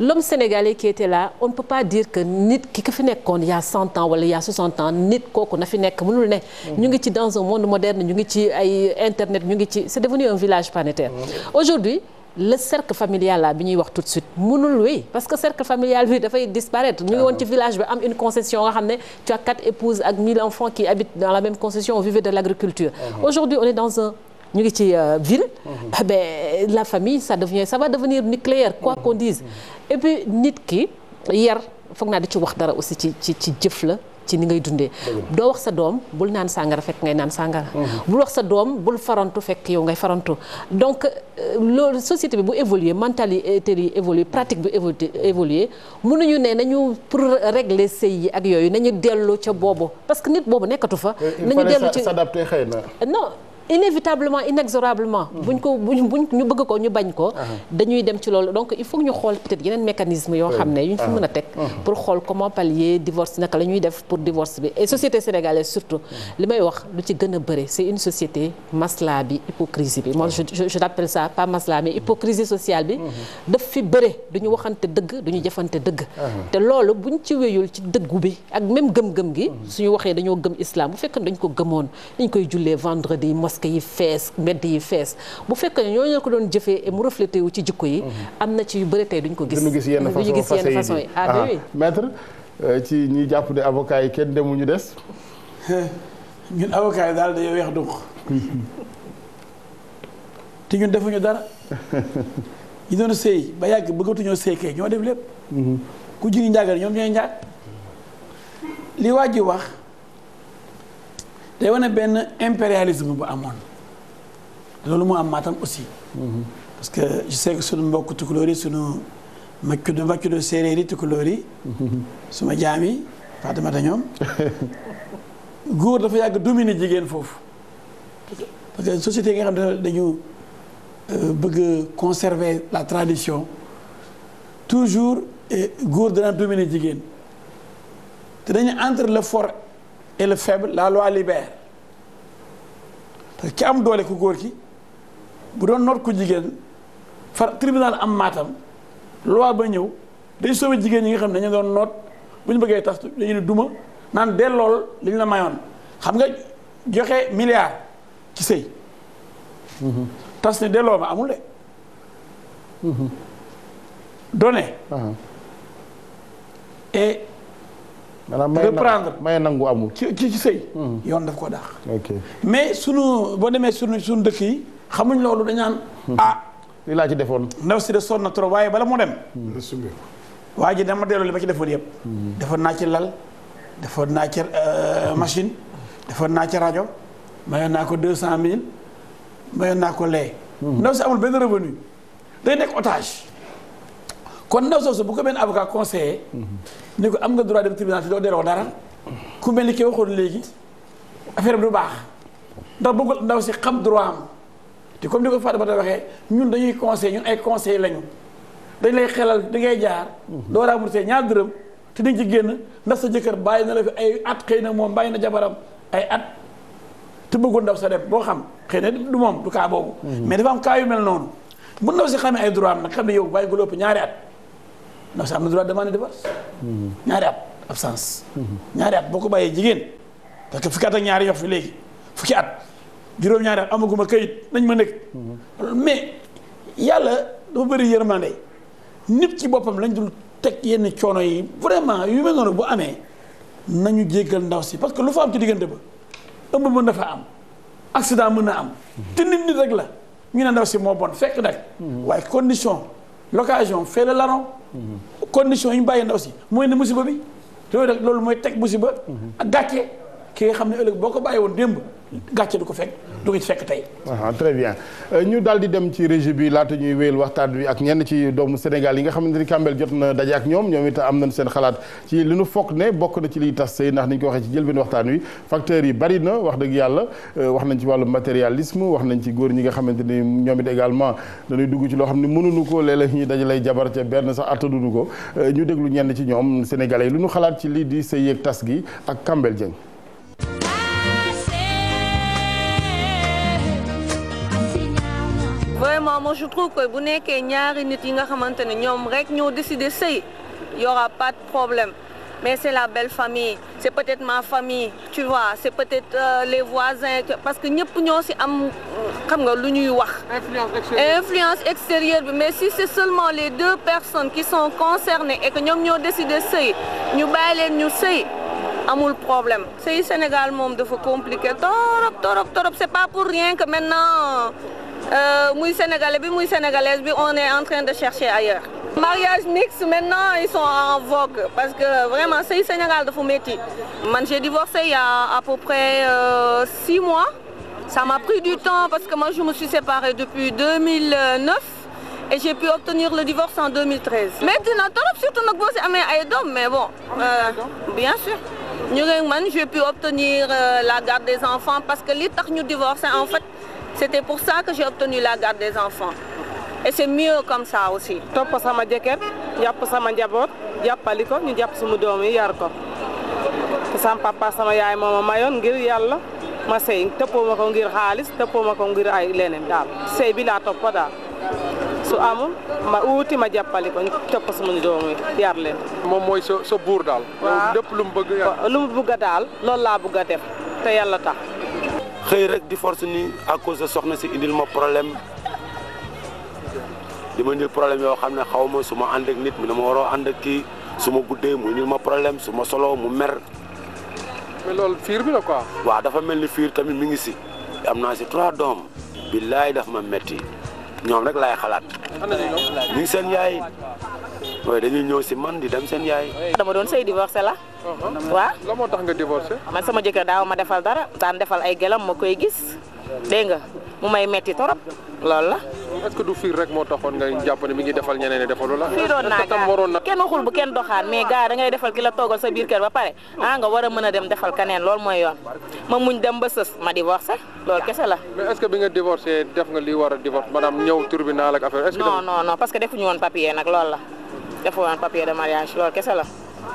l'homme sénégalais qui était la on ne peut pas dire que nit ki ka fi nekkoon il y a 100 ans wala il y ans nit kooku na fi nekk mënul ne. Mhm. ñu ngi ci dans un monde moderne ñu ngi ci ay internet ñu ngi ci c'est devenu un village planétaire mhm. aujourd'hui le cercle familial la bi ñuy wax tout de suite mënul wéy parce que cercle familial bi dafay disparaître ñu ngi woon ci ah village bi am une concession nga xam ne tu as quatre épouses ak mille enfants qui habitent dans la même concession on vivait de l'agriculture ah aujourd'hui on est dans un ñu ngi ci euh, ville mmh. la famille ça devient ça va devenir nucléaire quoi mmh. qu'on dise et nit ki yar foog naa di ci wax dara aussi ci ci ci jëf la ci ni ngay dundee doo wax sa doom bul naan sàngara fekk ngay naan sàngara mhm. bul wax sa doom bul farantu fekk yow ngay farantu donc euh, loolu société bi bu évoluer mentalité yi évoluer pratique bi évoluer mënuñu ne nañu pour régler sëy yi ak yooyu nañu dellu ca boobu parce que nit boobu nekkatu fa euh, nañu dellu ci s'adapter xëy na non inévitablement inexorablement. Mhm. buñ ko buñ buñ ñu bëgg ko ñu bañ ko. dañuy dem ci loolu donc il faut ñu xool peut-être yeneen mécanisme yoo xam ne yuñ fi mën a teg. Mhm. pour xool comment pallier divorce naka la ñuy def pour divorce bi et société sénégalaise surtout mhm. li may wax lu ci gën a bëri c'est une société masla bi hypocrisie bi. moi je je je appelle ça pas masla mais hypocrisie sociale bi. daf fi bëre du ñu waxante dëgg du ñu jëfante dëgg. te loolu ñu ci wéyul ci dëggu bi ak même gëm-gëm gi. suñu waxee dañoo gëm islam bu fekkee dañ ko gëmoon dañ koy jullee masque yi fees mbedd yi fees bu fekkee ñoo ñoo ko doon jëfee mu reflété wu ci jikko yi am na ci yu bëri tey duñ ko gis duñu gis yenn façon yi ah, ah oui maître euh, ci ñi jàpp ne avocat yi kenn demu ñu des ñun avocat yi daal dañoo weex donc te ñun defuñu dara ñu doon sëy ba yàgg bëggatuñoo sëy kay ñoo def lépp mhm. ku jigi njaagar ñoom ñooy njaag li waa ji wax day wane benn impérialisme bu amoon loolu moo am Matam aussi. parce que je sais que sunu mbokk tukulóor yi sunu makkudu makkudu séeréer yi tukulóor yi. suma jaam yi Faatumata ñoom. góor dafa yàgg dominer jigéen foofu. parce que société nga xam ne dañu euh, bëgg conserver la tradition toujours góor dana dominer jigéen te dañu entre le fort. et le faible la parce que ki am doole ku góor ki bu doon noot ku jigéen far tribunal am maatam loi ba ñëw dañ sauvé jigéen ñi nga xam ne dañu doon noot bu ñu bëggee tas dañu ne duma naan dellool li ñu la mayoon xam nga joxe milliard ci sëy mhm. tas ni delloo ma amul de mhm. maanaam reprendre may nangu amul. ci ci ci sëy. Hmm. yoon daf ko dàq. ok mais sunu boo demee sunu sunu dëkk yi xamuñ loolu dañu dañaan hmm. ah li laa ci defoon. ndaw si de sonn na trop waaye bala mu dem. Hmm. waa ji dama delloo li ba ci defoon yëpp. defoon naa ci lal defoon naa ci euh, machine defoon naa ci rajo mayoon naa ko deux cent mille mayoon naa ko lee. ndaw si amul benn revenu day nekk otage. kon ndaw soosu bu ko benn avocat conseillé. ni ko am nga droit dem tribunal te doo delloo dara. ku mel ni ki waxoon léegi affaire bi du baax ndax bëgg ndaw si xam droit am te comme ni ko Fatoumata waxee ñun dañuy conseil ñun ay conseil lañu dañ lay xelal da ngay jaar. doo raamul see ñaar dërëm te dañ ci génn ndax sa jëkkër bàyyi na la fi ay at xëy na moom bàyyi na jabaram ay at te bëggoon ndaw sa dem boo xam xëy na du moom du cas boobu. Mm-hmm. mais dafa am cas yu mel noonu bu ndaw si xamee ay droit am nag xam ne yow bàyyi nga lépp ñaari at. ndax sa am na droit demander divorce mm-hmm. ñaari at absence mm-hmm. ñaari at boo ko bàyyee jigéen parce que fukki at ak ñaari yof fi léegi fukki at juróom-ñaari at amaguma kayit nañ ma nekk mm-hmm. mais yàlla dafa bëri yërmande nit ci boppam lañ dul teg yenn coono yi vraiment yu mel bu amee nañu jéggal ndaw si parce que lu fa am ci diggante ba ëmb mën na fa am accident mën na am te nit nit rek la ñu ne ndaw si moo bon fekk nag waaye condition l'occasion fait le larron condition yi ñu bàyyi na aussi mooy ne musiba bi loolu mooy teg musiba a mhm. gàcce ki nga xam ne ëllëg boo ko bàyyi woon démb gàcce du ko fekk du ko ci fekk tey. très bien euh, ñu daal di dem ci régi bi laata ñuy wéyal waxtaan bi ak ñenn ci doomu Sénégal yi nga xamante ni Kambel jot na daje ak ñoom ñoom it am nañ seen xalaat ci li nu fokk ne bokk na ci liy tas sëy ndax ni ñu ko waxee ci jël benn waxtaan wi facteurs yi bari na wax dëgg yàlla euh, wax nañ ci wàllu matérialisme wax nañ ci góor ñi nga xamante ni ñoom it également dañuy dugg ci loo xam ne mënuñu ko léeg-léeg ñuy daje lay jabar ca benn sax attanuñu ko euh, ñu déglu ñenn ci ñoom sénégalais lu ñu xalaat ci lii di sëy tas gi ak Kambel Dieng vraiment moi je trouve que bu nekkee ñaari nit yi nga xamante ne ñoom rek ñoo décidé sëy y aura pas de problème mais c'est la belle famille c'est peut-être ma famille tu vois c'est peut le euh, les voisins parce que ñëpp ñoo ci am xam nga lu ñuy wax influence extérieure bi mais si c'est seulement les deux personnes qui sont concernées et que ñoom ñoo décidé sëy ñu bàyyi leen ñu sëy amul problème sëy Sénégal moom dafa compliqué torop torop torop c'est pas pour rien que maintenant Euh, muy sénégalais bi muy sénégalaise bi on est en train de chercher ailleurs. mariage mixte maintenant ils sont en vogue parce que vraiment sëy Sénégal dafa métti man j'ai divorcé il y a à peu près euh, six mois ça m'a pris du temps parce que moi je me suis séparée depuis 2009 et j'ai pu obtenir le divorce en 2013 métti na trop amee ay doom mais bon euh, bien sûr ñu ngi man j'ai pu obtenir euh, la garde des enfants parce que li tax ñu divorcé en fait c'était pour ça que j'ai obtenu la garde des enfants et c'est mieux comme ça aussi. topp sama jëkkër jàpp sama njaboot jàppali ko ñu jàpp sumu doom yi yar ko te papa sama yaay moo ma mayoon ngir yàlla ma sëy tëppoo ma ko ngir xaalis tëppoo ma ko ngir ay leneen daal sey bi laa topp daal su amul ma uuti ma jàppali ko tëpp sumu doom yi yar leen. moom mooy sa sa buur daal. waaw lépp lu te yàlla tax. xëy rek di force ni à cause soxna si indil ma problème di ma indil problème yoo xam ne xaw ma su ma ànd ak nit mi dama waroo ànd ak kii su ma guddee mu indil ma problème su ma solo mu mer. mais loolu fiir bi la quoi. waaw dafa mel ni fiir tamit mu ngi si am naa si trois doom. billaay daf ma metti ñoom rek laay xalaat. ñu ngi seen yaay. mooy dañuy ñëw si man di dem seen yaay. doon sëy divorcé la. Uh-huh. waaw la moo tax nga divorcé. man sama jëkkër daaw ma defal dara. daan defal ay gelam ma koy gis dégg nga mu may metti torop loolu la. est-ce que du fiir rek moo taxoon nga defal kenn bu kenn doxaan mais gaa da ngay defal ki la sa biir kër ba pare ah nga war a mën a dem defal keneen lool mooy yoon ma muñ dem ba sës ma divorcé loolu kese la. mais est-ce bi nga divorcé def nga li war a divorce ñëw tribunal ak affaire. est-ce woon papier nag loolu la. defoo woon papier de mariage loolu kese la.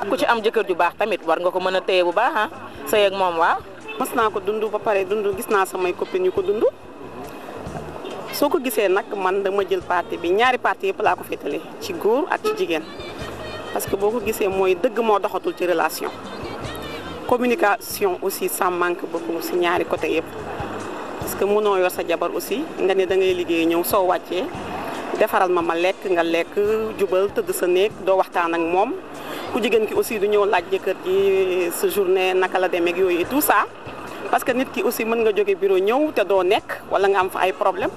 ku ci am jëkkër ju baax tamit war nga ko mën a téye bu baax ah sëy moom waa mas naa ko dund ba pare dundu gis naa samay copines yu ko dund soo ko gisee nag man dama jël parti bi ñaari parti yëpp laa ko féetale ci góor ak ci jigéen parce que boo ko gisee mooy dëgg moo doxatul ci relation. communication aussi sam manque beaucoup si ñaari côté yëpp parce que mënoo yor sa jabar aussi nga ne da ngay liggéey ñëw soo wàccee. defaral ma ma lekk nga lekk jubal tëdd sa néeg doo waxtaan ak moom ku jigéen ki aussi du ñëw laaj jëkkër gi sa journée naka la demee yooyu et tout ça parce que nit ki aussi mën nga jóge bureau ñëw te doo nekk wala nga am fa ay problème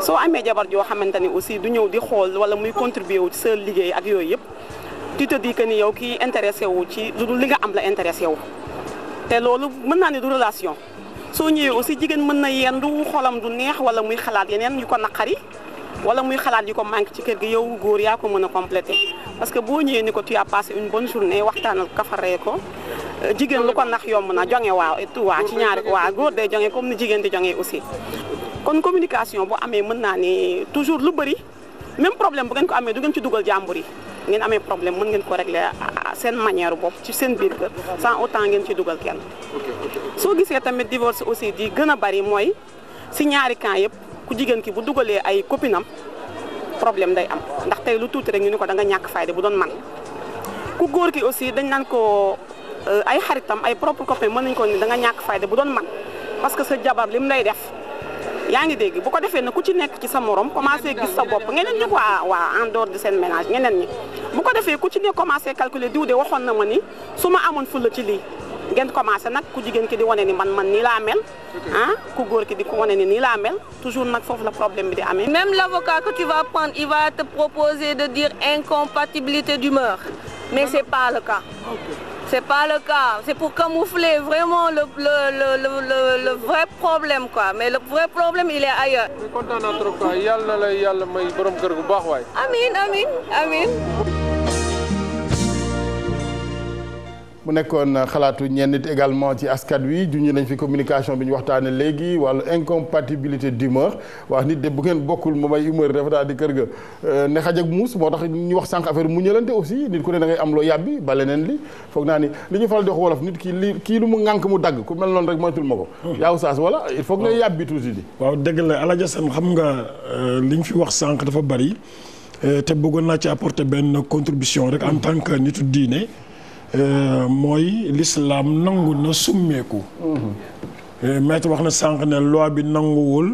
soo amee jabar joo xamante ni aussi du ñëw di xool wala muy contribuer wu ci sa liggéey ak yooyu yëpp tu te dis que ni yow kii intéressé wu ci lu dul li nga am la intéressé wu te loolu mën naa ne du relation soo ñëwee aussi jigéen mën na yendu xolam du neex wala muy xalaat yeneen yu naqari wala muy xalaat yi ko manqué ci kër gi yow góor yaa ko mën a complété parce que boo ñëwee ni ko tu as passé une bonne journée waxtaanal kafaree ko euh, jigéen lu ko nax yomb na jonge waaw et tout waa ci ñaari waa góor day jonge comme ni jigéen di jonge aussi kon communication bu amee mën naa ne toujours lu bëri même problème bu ngeen ko amee du ngeen ci dugal jàmbur yi ngeen amee problème mën ngeen ko régler ah, ah, seen manière boobu ci seen biir kër sans autant ngeen ci dugal kenn soo gisee tamit divorce aussi di gën a bari mooy si ñaari camp yëpp ku jigéen ki bu dugalee ay copinam problème day am ndaxte lu tuuti rek ñu ni ko da nga ñàkk fayda bu doon man ku góor ki aussi dañ naan ko euh, ay xaritam ay propre copain mën nañ ko ni da nga ñàkk fayda bu doon man parce que sa jabar lim lay def yaa ngi dégg bu ko defee na ku ci nekk ci sa morom commencé gis sa bopp ngeneen ñi waa waa en dehors de seen ménage ngeneen ñi bu ko defee ku ci nekk commencé calculer diw de waxoon na ma ni su ma amoon fulla ci lii ngeen commencé nag ku jigéen ki di wane ni man man nii laa mel. ah ku góor ki di ko wane ni nii laa mel toujours nag foofu la problème bi di amee. même l'avocat que tu vas prendre il va te proposer de dire incompatibilité d'humeur mais c'est pas le cas. c'est pas le cas vraiment le le le le le vrai problème quoi mais le vrai problème il est ailleurs. kontaan naa trop mu nekkoon xalaatu ñenn nit également ci askan wi junj nañ fi communication bi ñu waxtaanee léegi wàllu incompatibilité d'humeur wax nit de bu ngeen bokkul moom ay humeur dafa daal di kër ga euh, ne xaj ak muus moo tax ñu wax sànq affaire mu ñëlante aussi nit ku ne da am loo yàbbi ba leneen li foog naa ni li ñu faral di wax wolof nit ki li kii lu mu ŋànk mu dagg ku mel noonu rek moytul ma ko. Hmm. yaa Oustaz wala il faut que ngay yàbbi di. waaw dëgg la El Hadj Assane xam nga euh, liñ fi wax sànq dafa bari euh, te bëggoon naa ci apporter benn contribution rek en hmm. tant que nitu diine Euh, mooy l'islam nangu na summeeku. Mm-hmm. Euh, maître wax na sànq ne loi bi nanguwul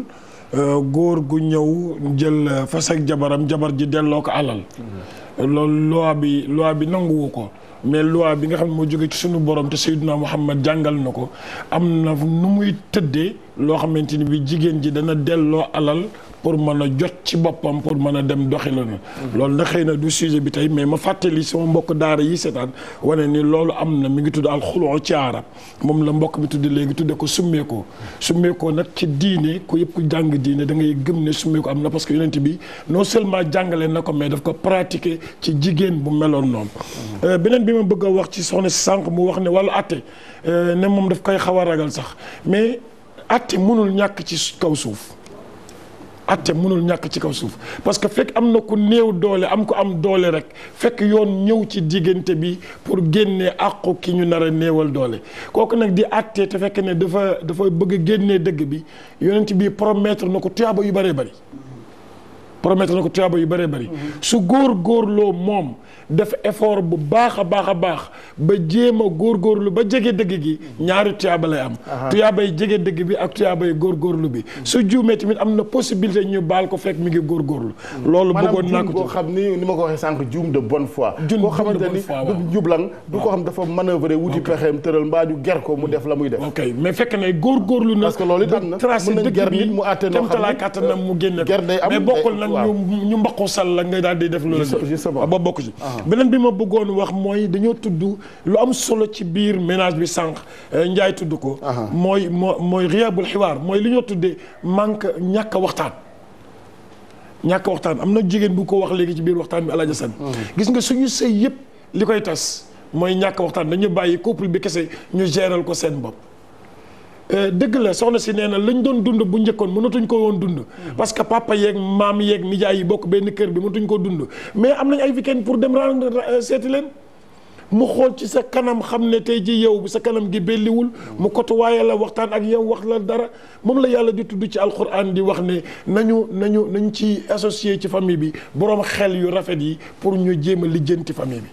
euh, góor gu ñëw jël fas ak jabaram jabar ji delloo ko alal. Mm-hmm. loolu loi bi loi bi nanguwu ko. mais loi bi nga xam ne moo jóge ci sunu borom te Seydina Muhammad jàngal na ko am na nu muy tëddee loo xamante ni bi jigéen ji dana delloo alal pour mën a jot ci boppam pour mën a dem doxi la na loolu na xëy na du sujet bi tey mais ma fàttali sama mbokk daara yi seetaan wane ni loolu am na mi ngi tudd alxuloo ci arab moom la mbokk bi tudd léegi tudde ko summeekoo summeekoo nag ci diine ko yëpp ku jàng diine da ngay gëm ne summeekoo am na parce que yonent bi non seulement jàngale na ko mais daf ko pratiquer ci jigéen bu meloon noonu euh, beneen bi ma bëgg a wax ci soxna si sànq mu wax ne wàllu atte euh, ne moom daf koy xaw a ragal sax mais atte mënul ñàkk ci kaw suuf atte mënul ñàkk ci kaw suuf parce que fekk am na ku néew doole am ko am doole rek fekk yoon ñëw ci diggante bi pour génne àqu ki ñu nar a néewal doole kooku nag di atte te fekk ne dafa dafa bëgg génne génnee dëgg bi yonent bi promettre na ko tuyaaba yu bëree bari promettre na ko tuyaaba yu bëree bari su góor góorloo moom def effort bu baax a baax a baax ba jéem a góorgóorlu ba jege dëgg gi ñaari tuyaaba lay am. tuyaaba yi jege dëgg bi ak tuyaaba góor góorgóorlu bi. su juumee tamit am na possibilité ñu baal ko fekk mu ngi góor góorgóorlu. loolu bëggoon naa ko koo xam ni ni ma ko waxee sànq juum de bonne foi. juum de bonne foi waaw koo xamante ni du jublan ko xam dafa manœuvrer wuti pexeem tëral mbaa ñu ger ko mu def la muy def. ok mais fekk na góorgóorlu na. parce que loolu it am na mu àtte noo xam ne tracé dëgg naan ñu ñu mbaqu sal la ngay daal di def loolu ba ah, bokk ci ah. beneen bi ma bëggoon wax mooy dañoo tudd lu am solo ci biir ménage bi sànq eh, njaay tudd ko ah. mooy moo mooy riyaabul xiwaar mooy li ñoo tuddee manque ñàkk waxtaan ñàkk waxtaan am na jigéen bu ko wax léegi ci biir waxtaan bi alaaja san hmm. gis nga suñu sëy yëpp li koy tas mooy ñàkk waxtaan dañu bàyyi couple bi kese ñu geral ko seen bopp Euh, dëgg la soxna si nee na lañ doon dund bu njëkkoon mënatuñ ko woon dund. parce que papa yeeg maam yeeg nijaay yi bokk benn kër bi mënatuñ koo dund mais am nañ ay weekend pour dem rendre euh, seeti leen. mu xool ci sa kanam xam ne tey ji yow sa kanam gi belliwul mu kotuwaaye la waxtaan ak yow wax la dara moom la yàlla di tudd ci alxuraan di wax ne nañu nañu nañu ci associé ci famille bi boroom xel yu rafet yi pour ñu jéem a lijjanti famille bi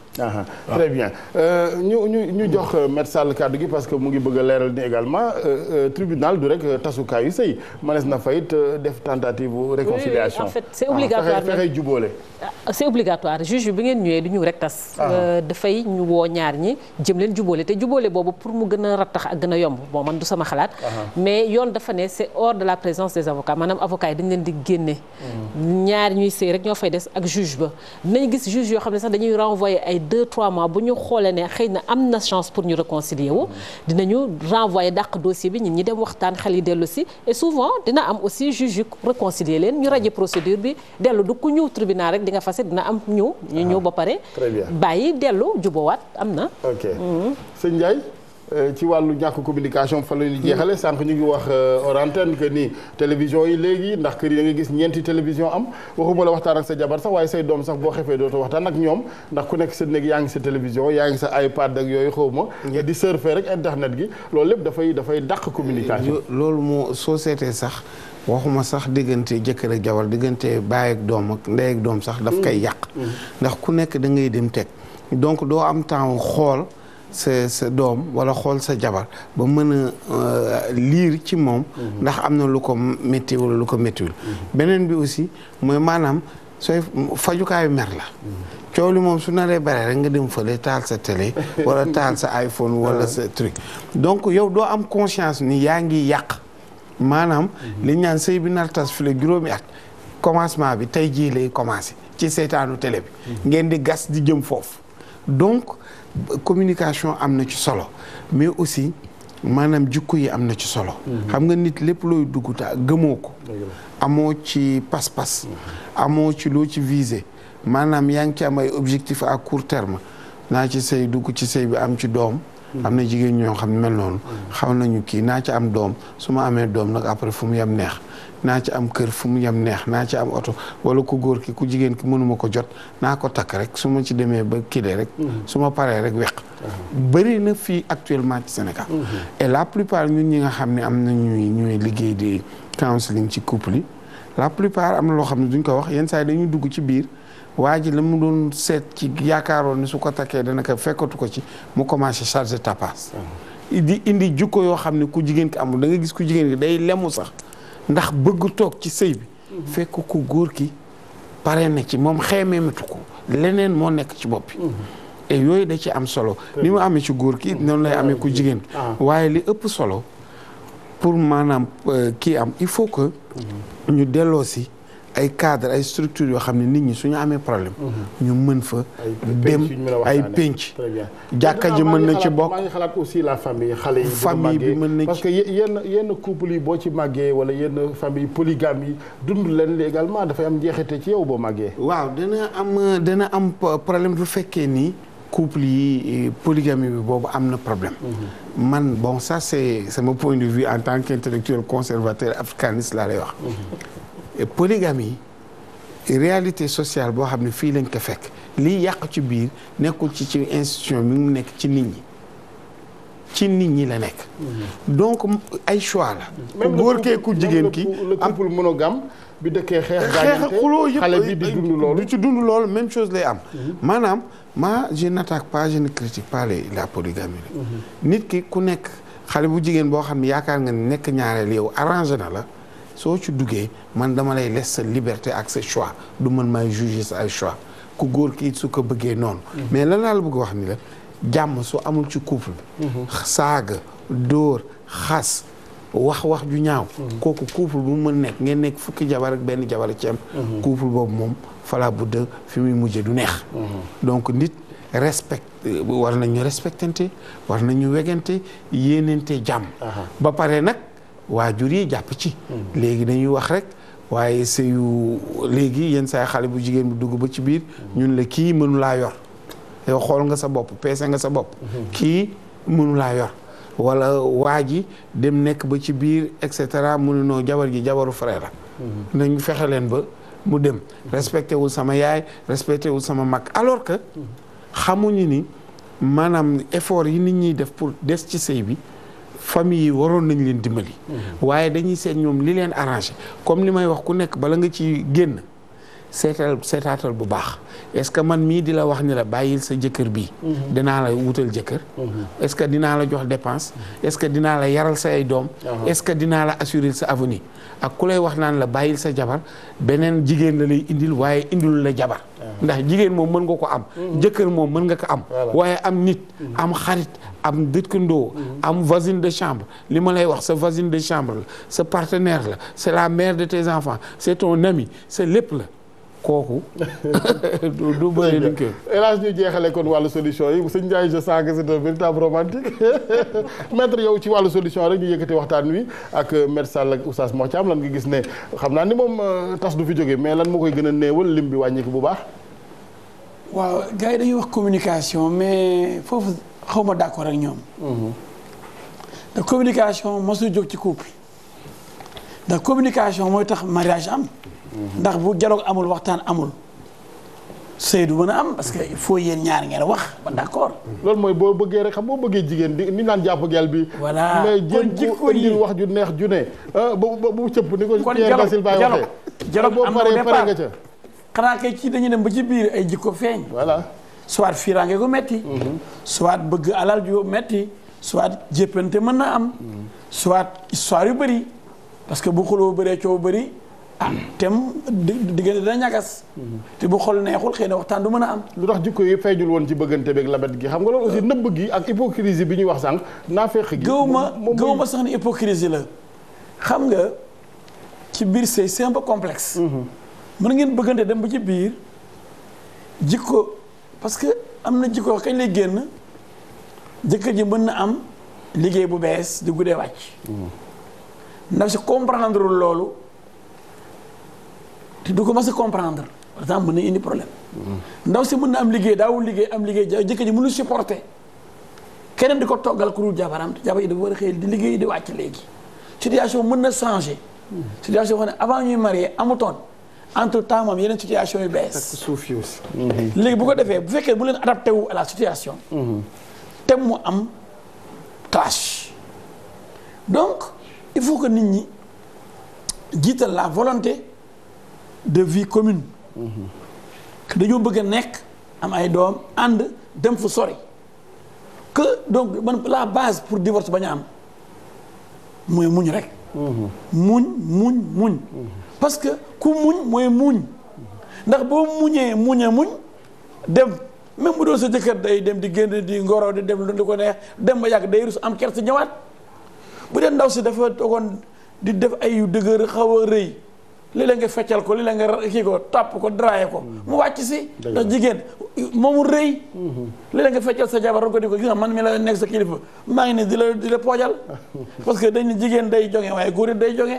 très bien euh, ñu ñu ñu jox euh, maître Sall kàddu gi parce que mu ngi bëgg a leeral ni également euh, tribunal du rek tasukaayu sëy manees na fa it def tentative réconciliation en fait obligatoire ah, fexe jubóole ah, c'est ngeen ñëwee du ñu rek tas ah. dafay woo ñaar ñi jëm leen jubóole te jubóole boobu pour mu gën a rattax ak gën a yomb bon man du sama xalaat mais yoon dafa ne c'est hors de la présence des avocats maanaam avocats yi dañ leen di génne hmm. ñaar ñuy sëy rek ñoo fay des ak juge deux trois mois bu ñu xoolee ne xëy na am na chance pour ñu réconcilier wu dinañu renvoyer dàq dossier bi ñun ñi dem waxtaan xel yi dellusi si et souvent dina am aussi juge yu réconcilier leen ñu raje procédure bi dellu du ku ñëw tribunal rek di nga fase dina am ñëw ñu ñëw ah, ba pare bàyyi dellu jubowaat am na ok mm-hmm. sëñ Euh, ci wàllu ñàkk communication fa la ñu jeexale mm. sànq ñu ngi wax euh, hors antenne que ni télévision yi léegi ndax kër yi nga gis ñeenti télévision am waxuma la waxtaan ak sa jabar sax waaye say doom sax boo xefee dooto waxtaan ak ñoom ndax ku nekk sa néeg yaa ngi sa télévision yaa ngi sa iPad ak yooyu xaw ma di surfer rek internet gi loolu lépp dafay dafay dàq communication loolu moo soo seetee sax waxuma sax diggante jëkkër ak jabar diggante bàyyi ak doom ak ndey ak doom sax daf mm. koy yàq mm. ndax ku nekk da ngay dem teg donc doo am temps xool sa doom wala xool sa jabar ba mën a euh, liir ci moom mhm. ndax am na lu ko métti lu ko méttiwul mhm. beneen bi aussi mooy maanaam sooy fajukaayu mer la mhm. coow li moom su naree baree rek nga dem fële taal sa télé wala taal sa iPhone wala ah. sa truc donc yow doo am conscience ni yaa ngi yàq maanaam li ñaan sëy bi nar tas file juróomi at commencement bi tey jii lay commencé ci seetaanu télé bi ngeen di gas di jëm foofu communication am na ci solo mais aussi maanaam jikko yi am na ci solo. Mhm. xam nga nit lépp looy dugg te gëmoo ko. amoo ci pas-pas. Mhm. amoo ci loo ci visé maanaam yaa ngi ci am ay objectif à court terme naa ci sëy dugg ci sëy bi am ci doom. am na jigéen ñoo xam ne mel noonu mm. xaw nañu kii naa ci am doom su ma amee doom nag après fu mu yem neex naa ci am kër fu mu yem neex naa ci am oto wala ku góor ki ku jigéen ki mënuma ko jot naa ko takk rek su ma ci demee ba kile rek mm. su ma paree rek weq mm-hmm. bëri na fii actuellement ci Sénégal mm-hmm. et la plupart ñun ñi nga xam ne am na ñuy ñuy liggéey di counseling ci couple yi la plupart am na loo xam ne duñ ko wax yenn saa yi dañuy dugg ci biir waa ji la mu doon seet ci yaakaaroon ni su ko takkee dana ko fekkatu ko ci mu commencé chargé tapas di indi jukko yoo xam ne ku jigéen ki amul da nga gis ku jigéen ki day lemu sax ndax bëgg toog ci sëy bi fekk ko góor ki pare na ci moom xeemeematu ko leneen moo nekk ci bopp bi et yooyu da ci am solo ni mu amee ci góor ki noonu lay amee ku jigéen ki ah. waaye li ëpp solo pour maanaam euh, kii am il faut que ñu delloo si ay cadre ay structure yoo xam ne nit ñi suñu amee problème ñu mën fa dem ay pénc jàkka ji mën na ci bokk maa xalaat aussi la famille xale yi famille mën na parce que yenn yenn couple yi boo ci màggee wala yenn famille polygame yi dund leen également dafay am njeexite ci yow boo màggee waaw dana am dana am problème bu fekkee nii couple yi polygamie bi boobu am na problème mhm. man bon ça c'est c'est mon point de vue en tant qu'intellectuel conservateur africaniste laa lay wax mhm. polygamie réalité sociale boo xam ne fii lañ ko fekk liy yàq ci biir nekkul ci ci institution mi nekk ci nit ñi ci nit ñi la nekk. Mm-hmm. donc ay choix la. kee ku jigéen ki am couple monogame bi dëkkee xeex. xeex xuloo yëpp xale bi di dund du ci dund lool même chose lay am. Mm-hmm. maanaam ma je n'attaque pas je ne critique pas la polygamie la. Mm-hmm. nit ki ku nekk xale bu jigéen boo xam ne yaakaar nga ne nekk ñaareel yow arrangé na la. soo ci duggee man dama lay les sa liberté ak sa choix du mën may juger sa ay ku góor kii su ko bëggee noonu. Mm-hmm. mais lan laa la bëgg wax ni la jàmm su amul ci couple. Mm-hmm. saaga dóor xas. wax wax ju ñaaw. Mm-hmm. kooku couple bu mu mën nekk ngeen nekk fukki jabar ak benn jabar ci am. couple boobu moom fala budde fi muy mujje du neex. donc nit respect war nañu respectante war nañu wegante yéenante jàmm. ba pare nag. waa jur yi jàpp ci. léegi dañuy wax rek waaye sëyu léegi yenn saay xale bu jigéen bu dugg ba ci biir. ñun la kii mënu laa yor. yow xool nga sa bopp peese nga sa bopp. Mhm. kii mënu laa yor. wala waa ji dem nekk ba ci biir et cetera mu noo jabar ji jabaru frère la. Mhm. nañu fexe leen ba mu dem. Mhm. respecté wul sama yaay respecté wul sama mag alors que. xamuñu ni maanaam effort yi nit ñiy def pour des ci sëy bi. famille yi waroon nañ leen dimbali. Mm-hmm. waaye dañuy seet ñoom li leen arrangé comme li may wax ku nekk bala nga ci génn. seetal seetaatal bu baax est-ce que man mii di la wax ni la bàyyil sa jëkkër bi mhm. dinaa la wutal jëkkër mhm. est-ce que dinaa la jox dépense mhm. est-ce que dinaa la yaral ay doom uh-huh. est-ce que dinaa la assurer sa avenir ak ku lay wax naan la bàyyil sa jabar beneen jigéen la lay indil waaye indil la jabar uh-huh. ndax jigéen moom mën nga ko am jëkkër moom mën nga ko am waaye am nit am xarit am dëkkandoo am voisine de chambre li ma lay wax sa voisine de chambre la sa partenaire la c'est la maire de tes enfants c'est ton ami c'est lépp la kooku du bëri duñ koy hélas ñu jeexale kon wàllu solution yi sëñ Ndiaye je sens que c'est un véritable romantique maître yow ci wàllu solution rek ñu yëkkati waxtaan wi ak maître Sall ak oustaz Mor Thiam lan nga gis ne xam naa ni moom euh, tas du fi jóge mais lan moo koy gën a néewal lim bi wàññi bu baax waaw gars dañuy wax communication mais foofu xaw ma d'accord ak ñoom ndax mhm. communication mosul jóg ci couple communication mooy tax mariage am ndax bu dialogue amul waxtaan amul sëy du mën a am parce que il faut ñaar ngeen wax ba d' accord. loolu mooy boo bëggee rek xam boo bëggee jigéen di ni naan jàpp gel bi. voilà kon jikko yi wax ju neex ju ne. Euh, bu bu bu cëpp ni ko. kon dialogue dañu dem ba ci biir ay jikko feeñ. voilà soit fiiraange gu metti. Mm-hmm. soit bëgg alal ju metti. soit jéppante mën na am. Mm-hmm. soit histoire yu bëri. parce que bu xuloo bëree coow bëri. ah di diggante dina ñagas. Mhm. te bu xol neexul xëy na waxtaan du mën a am. lu tax jikko yi feejul woon ci bëggante beeg labet gi xam nga loolu aussi nëbb gi ak hypocrisie bi ñuy wax sànq naa feex gi. gëw ma gëw ma sax ni hypocrisie la xam nga ci biir sëy c'est un peu complexe. Mhm. mën ngeen bëggante dem ba ci biir jikko parce que am na jikko kañ lay génn jëkkër ji mën na am liggéey bu bees di guddee wàcc. Mhm. ndax si comprendre loolu. te du ko mas a comprendre par exemple mën na indi problème ndaw si mun na am liggéey daawul liggéey am liggéey ja jëkkër ji mënul supporter keneen di ko toggal ku dul jabaram te jabar yi dafa war a xëy di liggéey di wàcc léegi situation mën na changer situation xam ne avant ñuy marié amutoon entre temps moom yeneen situation yu bees suuf yi aussi mhm. léegi bu ko defee bu fekkee bu leen adapté wu à la situation mhm. te mu am clash donc il faut que nit ñi jiital la volonté de vie commune. dañoo bëgg a nekk am ay doom ànd dem fu sori. que donc man la base pour divorce bañ a am mooy muñ rek. muñ muñ muñ. parce que ku muñ mooy muñ. ndax boo muñee muñee muñ dem même mu doon sa jëkkër day dem di génn di ngoro di dem lu di ko neex dem ba yàgg day rus am kersa ñëwaat bu dee ndaw si dafa toogoon di def ay yu dëgër xaw a rëy. li la nga feccal ko li la nga kii ko tàpp ko draye ko mu wàcc si ndax jigéen moomu rëy mhm. li la nga feccal sa jabar ko di ko gis nga man mi la nekk sa kilifa maa ngi ne di la di la poojal parce que dañ ne jigéen day joŋe waaye góor it day joŋe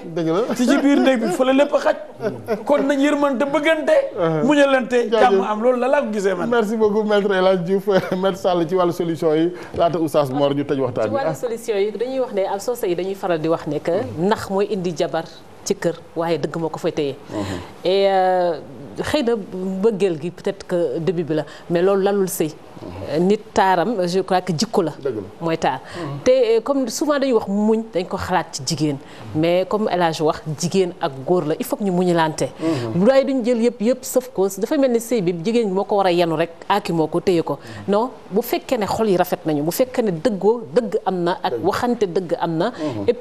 si ci biir néeg bi la lépp a xaj kon nañ yërmante bëggante uh-huh. muñalante jàmm am loolu la laa ko gisee man merci beaucoup maître El Hadj Diouf maître ci wàllu solution yi laata oustaz Mor ñu tëj waxtaan bi ci wàllu solution yi ne ak soose yi dañuy faral di wax ne que nax mooy indi jabar ci kër waaye dëgg moo ko fay téye mhm. et euh, xëy na mbëggeel gi peut-être que début bi la mais loolu lalul sëy mhm. nit taaram je crois que jikko la mooy taar mhm. te euh, comme souvent dañuy wax muñ dañ ko xalaat ci jigéen mais comme El wax jigéen ak góor la il faut ñu muñalante bu daay duñ jël yëpp yëpp sëf cause dafa mel ni sëy bi jigéen bi moo ko war a yenu rek aaki moo ko téye ko no bu fekkee ne xol yi rafet nañu bu fekkee ne dëggoo dëgg am na ak waxante dëgg am na et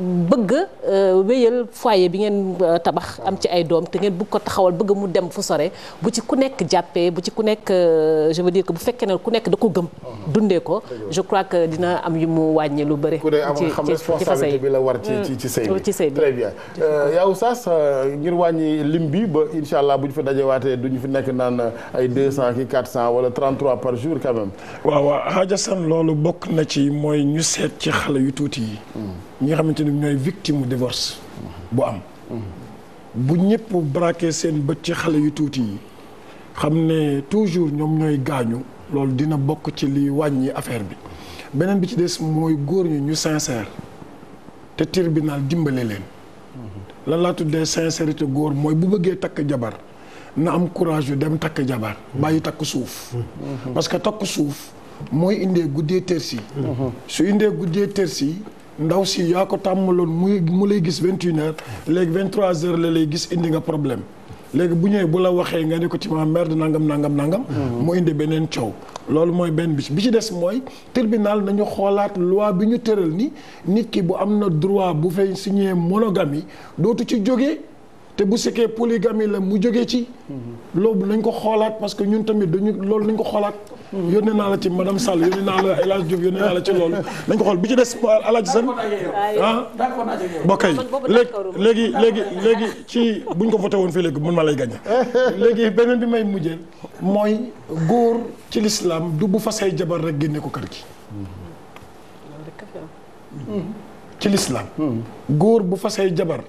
bëgg euh, wéyal foyer bi ngeen euh, tabax am ci ay doom te ngeen bugg ko taxawal bëgg mu dem fu sore bu ci ku nekk jàppee bu ci ku nekk euh, je veux dire bu fekkee ne ku nekk da ko gëm. dundee ko je crois que dina am yi mu wàññi lu bëri. ci ci responsabilité bi la war ci ci sëy bi mm. ci sëy bi très bien. yow saas ngir wàññi lim bi ba incha allah bu ñu fa dajewaatee du ñu fi nekk naan ay deux cent ki quatre cent wala trente trois par jour quand même. waaw waaw loolu bokk na ci mooy ñu seet ci xale yu tuuti yi. Mm. ñi nga xamante ni ñooy victime divorce bu am bu ñëpp braqué seen bët ci xale yu tuuti yi xam ne toujours ñoom ñooy gaañu loolu dina bokk ci li wàññi affaire bi beneen bi ci des mooy góor ñi ñu sincère te tribunal dimbale leen lan laa tuddee sincérité góor mooy bu bëggee takk jabar na am courage yu dem takk jabar bàyyi takk suuf parce que takk suuf mooy indee guddee tërsi su indee guddee tërsi ndaw si yaa ko tàmmaloon muy mu lay gis vingt léegi vingt trois la lay gis indi nga problème léegi bu ñëwee bu la waxee nga ne ko ci ma merde nangam nangam nangam. mu indi beneen coow. loolu mooy benn bis bi ci des mooy tribunal nañu xoolaat loi bi ñu tëral ni nit ki bu am na droit bu fay signé monogamie dootu ci jóge te bu sekkee polygamie la mu jógee ci. loolu nañ ko xoolaat parce que ñun tamit dañu loolu nañ ko xoolaat. yónnee naa la ci madame Sall yónnee naa la El Hadj Diouf yónnee naa la ci loolu nañ ko xool bi ci des El Hadj Sall. ah léegi léegi léegi ci buñ ko voté woon fii léegi mun ma lay gagné. léegi beneen bi may mujjee mooy góor ci lislaam du bu fasay jabar rek génne ko kër gi. ci lislaam góor bu fasay jabar.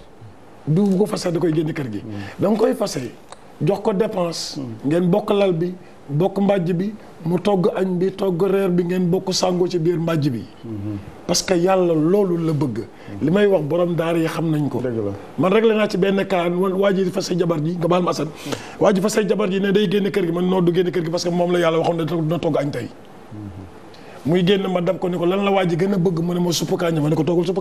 du ko fase da koy génn kër gi. da koy fase jox ko dépense. ngeen bokk lal bi bokk mbàjj bi mu togg añ bi togg reer bi ngeen bokk sàngoo ci biir mbàjj bi. parce que yàlla loolu la bëgg. li may wax borom daara yi xam nañ ko. man réglé naa ci benn kaan waa ji fase jabar ji nga baal ma asan. waa ji jabar ji ne day génn kër gi man noo du génn kër gi parce que moom la yàlla waxoon ne dina togg añ tey. muy génn ma dab ko ne ko lan la waa ji gën a bëgg mu ne ma suppu kàñña ma ne ko toggal suppu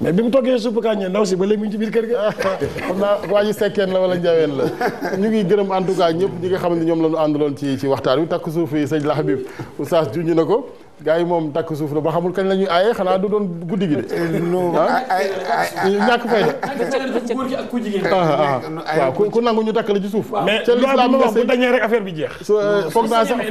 mais bi mu toggee supp kàññee ndaw si ba léegi mu ngi ci biir kër ga. xam naa waa ji sekkeen la wala njaween la ñu ngi gërëm en tout cas ñëpp ñi nga xam ne ñoom la ñu àndaloon ci ci waxtaan wi takk suuf yi sëñ Lahabib oustaz junj na ko gars yi moom takk suuf la ba xamul kañ la ñuy aaye xanaa du doon guddi gi de. Eh, ah? ñàkk fay de. Ah, ah, ku nangu ñu takk la ci suuf. mais l'islam wax bu dañee bi jeex. Euh, foog naa sax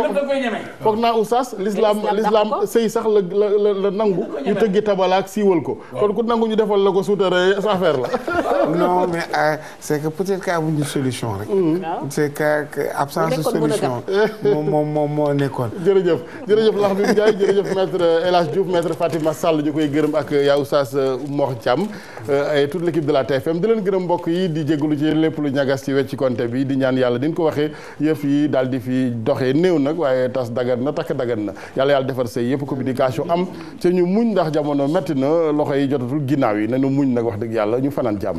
foog naa oustaz l'islam l'islam sëy sax la la la nangu ñu tëggi tabalaak siiwal ko. kon ku nangu ñu defal la ko suutare sa affaire la. non mais euh, c'est que peut-être que amuñu solution rek. Mm. c'est que absence de moom moom nekkoon. jërëjëf jërëjëf lax bi jërëjëf maître El Hadj Diouf maître Fatima Sall ñu koy gërëm ak yaa oustaz euh, Mor Thiam euh, et toute l' équipe de la TFM di leen gërëm mbokk yi di jégalu ci lépp lu ñagas ci wecci konté bi di ñaan yàlla din ko waxee yëf yi daal di fi doxee néew nag waaye tas dagan na takk dagan na yàlla yàlla defar say yëpp communication am te ñu muñ ndax jamono metti na loxo yi jotatul ginnaaw yi nañu muñ nag wax dëgg yàlla ñu fanaan jaam